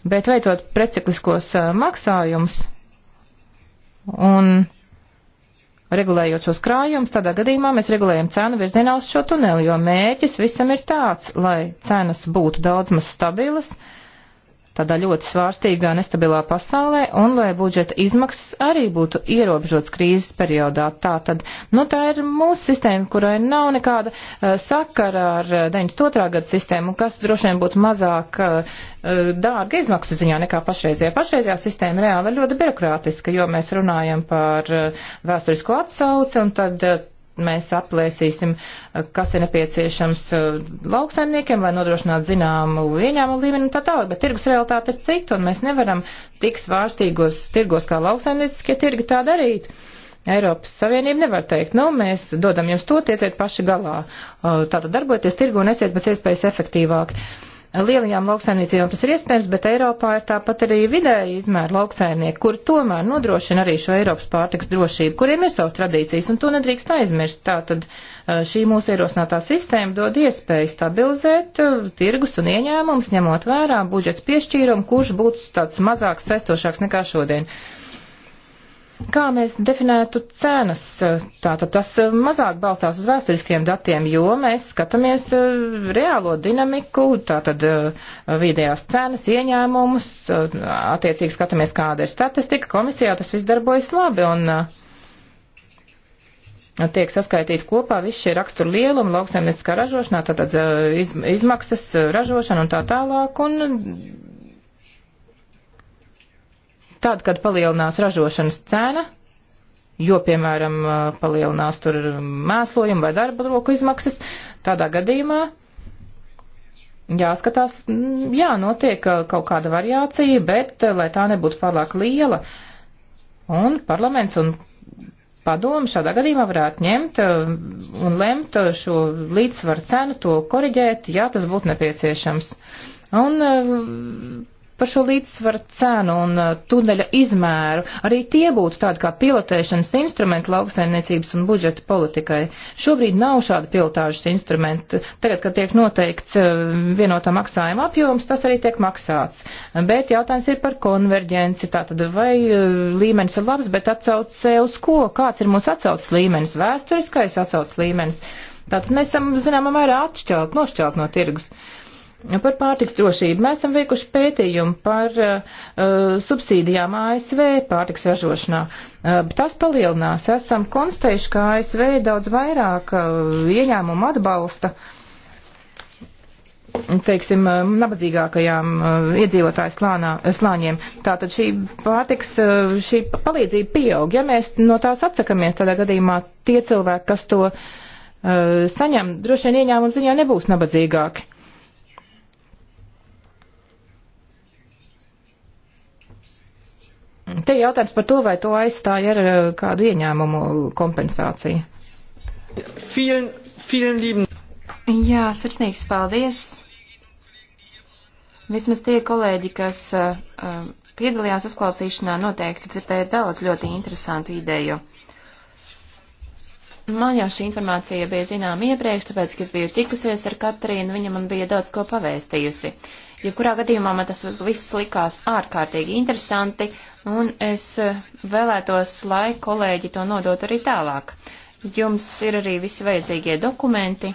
Bet veicot precikliskos maksājumus un regulējot šos krājumus, tādā gadījumā mēs regulējam cenu virzienā uz šo tuneli, jo mērķis visam ir tāds, lai cenas būtu daudz maz stabilas, uh, tādā ļoti svārstīgā, nestabilā pasaulē, un lai budžeta izmaksas arī būtu ierobežotas krīzes periodā. Tā tad, nu tā ir mūsu sistēma, kurai nav nekāda uh, sakara ar uh, eh, 92. gada sistēmu, kas droši vien būtu mazāk uh, dārga izmaksu ziņā nekā pašreizajā. Pašreizajā sistēma reāli ir ļoti birokrātiska, jo mēs runājam par uh, vēsturisko atsauci, un tad uh, mēs aplēsīsim, eh, kas ir nepieciešams eh, lauksaimniekiem, lai nodrošinātu zināmu ieņēmumu līmeni un tā tālāk, bet tirgus realitāte ir cita, un mēs nevaram tik svārstīgos tirgos kā lauksaimnieciskie tirgi tā darīt. Eiropas Savienība nevar teikt, nu, mēs dodam jums to, tieciet paši galā. Eh, tātad darbojieties tirgu un esiet pēc iespējas efektīvāk. Uh, Lielajām lauksaimniecībām tas ir iespējams, bet Eiropā ir tāpat arī vidēji izmēra lauksaimnieki, kur tomēr nodrošina arī šo Eiropas pārtiks drošību, kuriem ir savas tradīcijas, un to nedrīkst aizmirst. Tātad eh, šī mūsu ierosinātā sistēma dod iespēju stabilizēt eh, tirgus un ieņēmumus, ņemot vērā budžets piešķīrumu, kurš būtu tāds mazāks, saistošāks nekā šodien. Uh, kā mēs definētu cenas. Tātad tas eh, mazāk balstās uz vēsturiskiem datiem, jo mēs skatāmies eh, reālo dinamiku, tātad eh, vidējās cenas, ieņēmumus, attiecīgi skatāmies, kāda ir statistika. Komisijā tas viss darbojas labi un tiek saskaitīti kopā visi šie raksturu lielumi, lauksaimnieciskā ražošanā, tātad izmaksas, ražošana un tā tālāk. Un Tad, kad palielinās ražošanas cena, jo, piemēram, uh, palielinās tur mēslojuma vai darba roku izmaksas, tādā gadījumā jāskatās, mm, jā, notiek uh, kaut kāda variācija, bet uh, lai tā nebūtu pārāk liela. Un parlaments un padomu šādā gadījumā varētu ņemt un lemt šo līdzsvaru cenu, to koriģēt, ja tas būtu nepieciešams. Un Par šo līdzsvaru cenu un uh, tuneļa izmēru arī tie būtu tādi kā pilotēšanas instrumenti lauksaimniecības un budžeta politikai. Šobrīd nav šāda pilotāžas instrumenta. Tagad, kad tiek noteikts uh, vienotā maksājuma apjoms, tas arī tiek maksāts. Bet jautājums ir par konverģenci. Tātad vai uh, līmenis ir labs, bet atsaucē uz ko? Kāds ir mūsu atsaucas līmenis? Vēsturiskais atsaucas līmenis. Tātad mēs esam, zināmā mērā, atšķelt, nošķelt no tirgus. Uh, Par pārtiks drošību mēs esam veikuši pētījumu par uh, subsīdijām ASV pārtiks ražošanā. Uh, tas palielinās. Esam konstatējuši, ka ASV daudz vairāk uh, ieņēmumu atbalsta, teiksim, uh, nabadzīgākajām uh, iedzīvotāju slānā, slāņiem. Tātad šī pārtiks, uh, šī palīdzība pieaug. Ja mēs no tās atsakamies, tādā gadījumā tie cilvēki, kas to uh, saņem, droši vien ieņēmumu ziņā nebūs nabadzīgāki. Te jautājums par to, vai to aizstāja ar eh, kādu ieņēmumu kompensāciju. Vielen, vielen lieben. Jā, sirsnīgs paldies. Vismaz tie kolēģi, kas uh, piedalījās uzklausīšanā, noteikti dzirdēja daudz ļoti interesantu ideju. Man jau šī informācija bija zinām iepriekš, tāpēc, ka es biju tikusies ar Katrīnu, viņa man bija daudz ko pavēstījusi. Uh, Jebkurā ja gadījumā man tas viss likās ārkārtīgi interesanti, un es eh, vēlētos, lai kolēģi to nodot arī tālāk. Jums ir arī visi vajadzīgie dokumenti,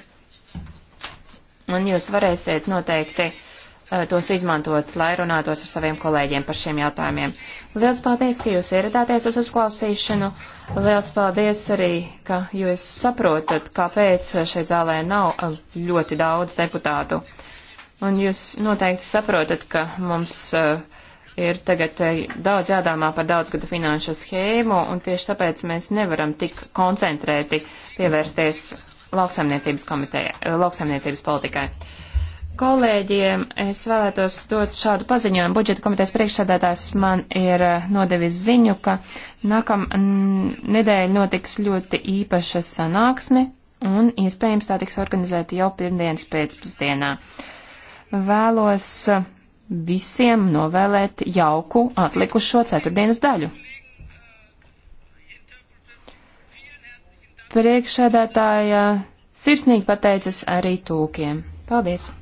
un jūs varēsiet noteikti uh, tos izmantot, lai runātos ar saviem kolēģiem par šiem jautājumiem. Liels paldies, ka jūs ieradāties uz uzklausīšanu. Liels paldies arī, ka jūs saprotat, kāpēc šeit zālē nav eh, ļoti daudz deputātu. Un jūs noteikti saprotat, ka mums uh, ir tagad eh, daudz jādāmā par daudzgadu finanšu schēmu, un tieši tāpēc mēs nevaram tik koncentrēti pievērsties lauksaimniecības, komiteja, eh, lauksaimniecības politikai. Kolēģiem es vēlētos dot šādu paziņojumu. Budžeta komitejas priekšsēdētājs man ir nodevis ziņu, ka nākam nedēļa notiks ļoti īpaša sanāksme, un iespējams tā tiks organizēta jau pirmdienas pēcpusdienā. Uh, vēlos visiem novēlēt jauku atlikušo ceturtdienas daļu. Priekšsēdētāja sirsnīgi pateicas arī tūkiem. Paldies!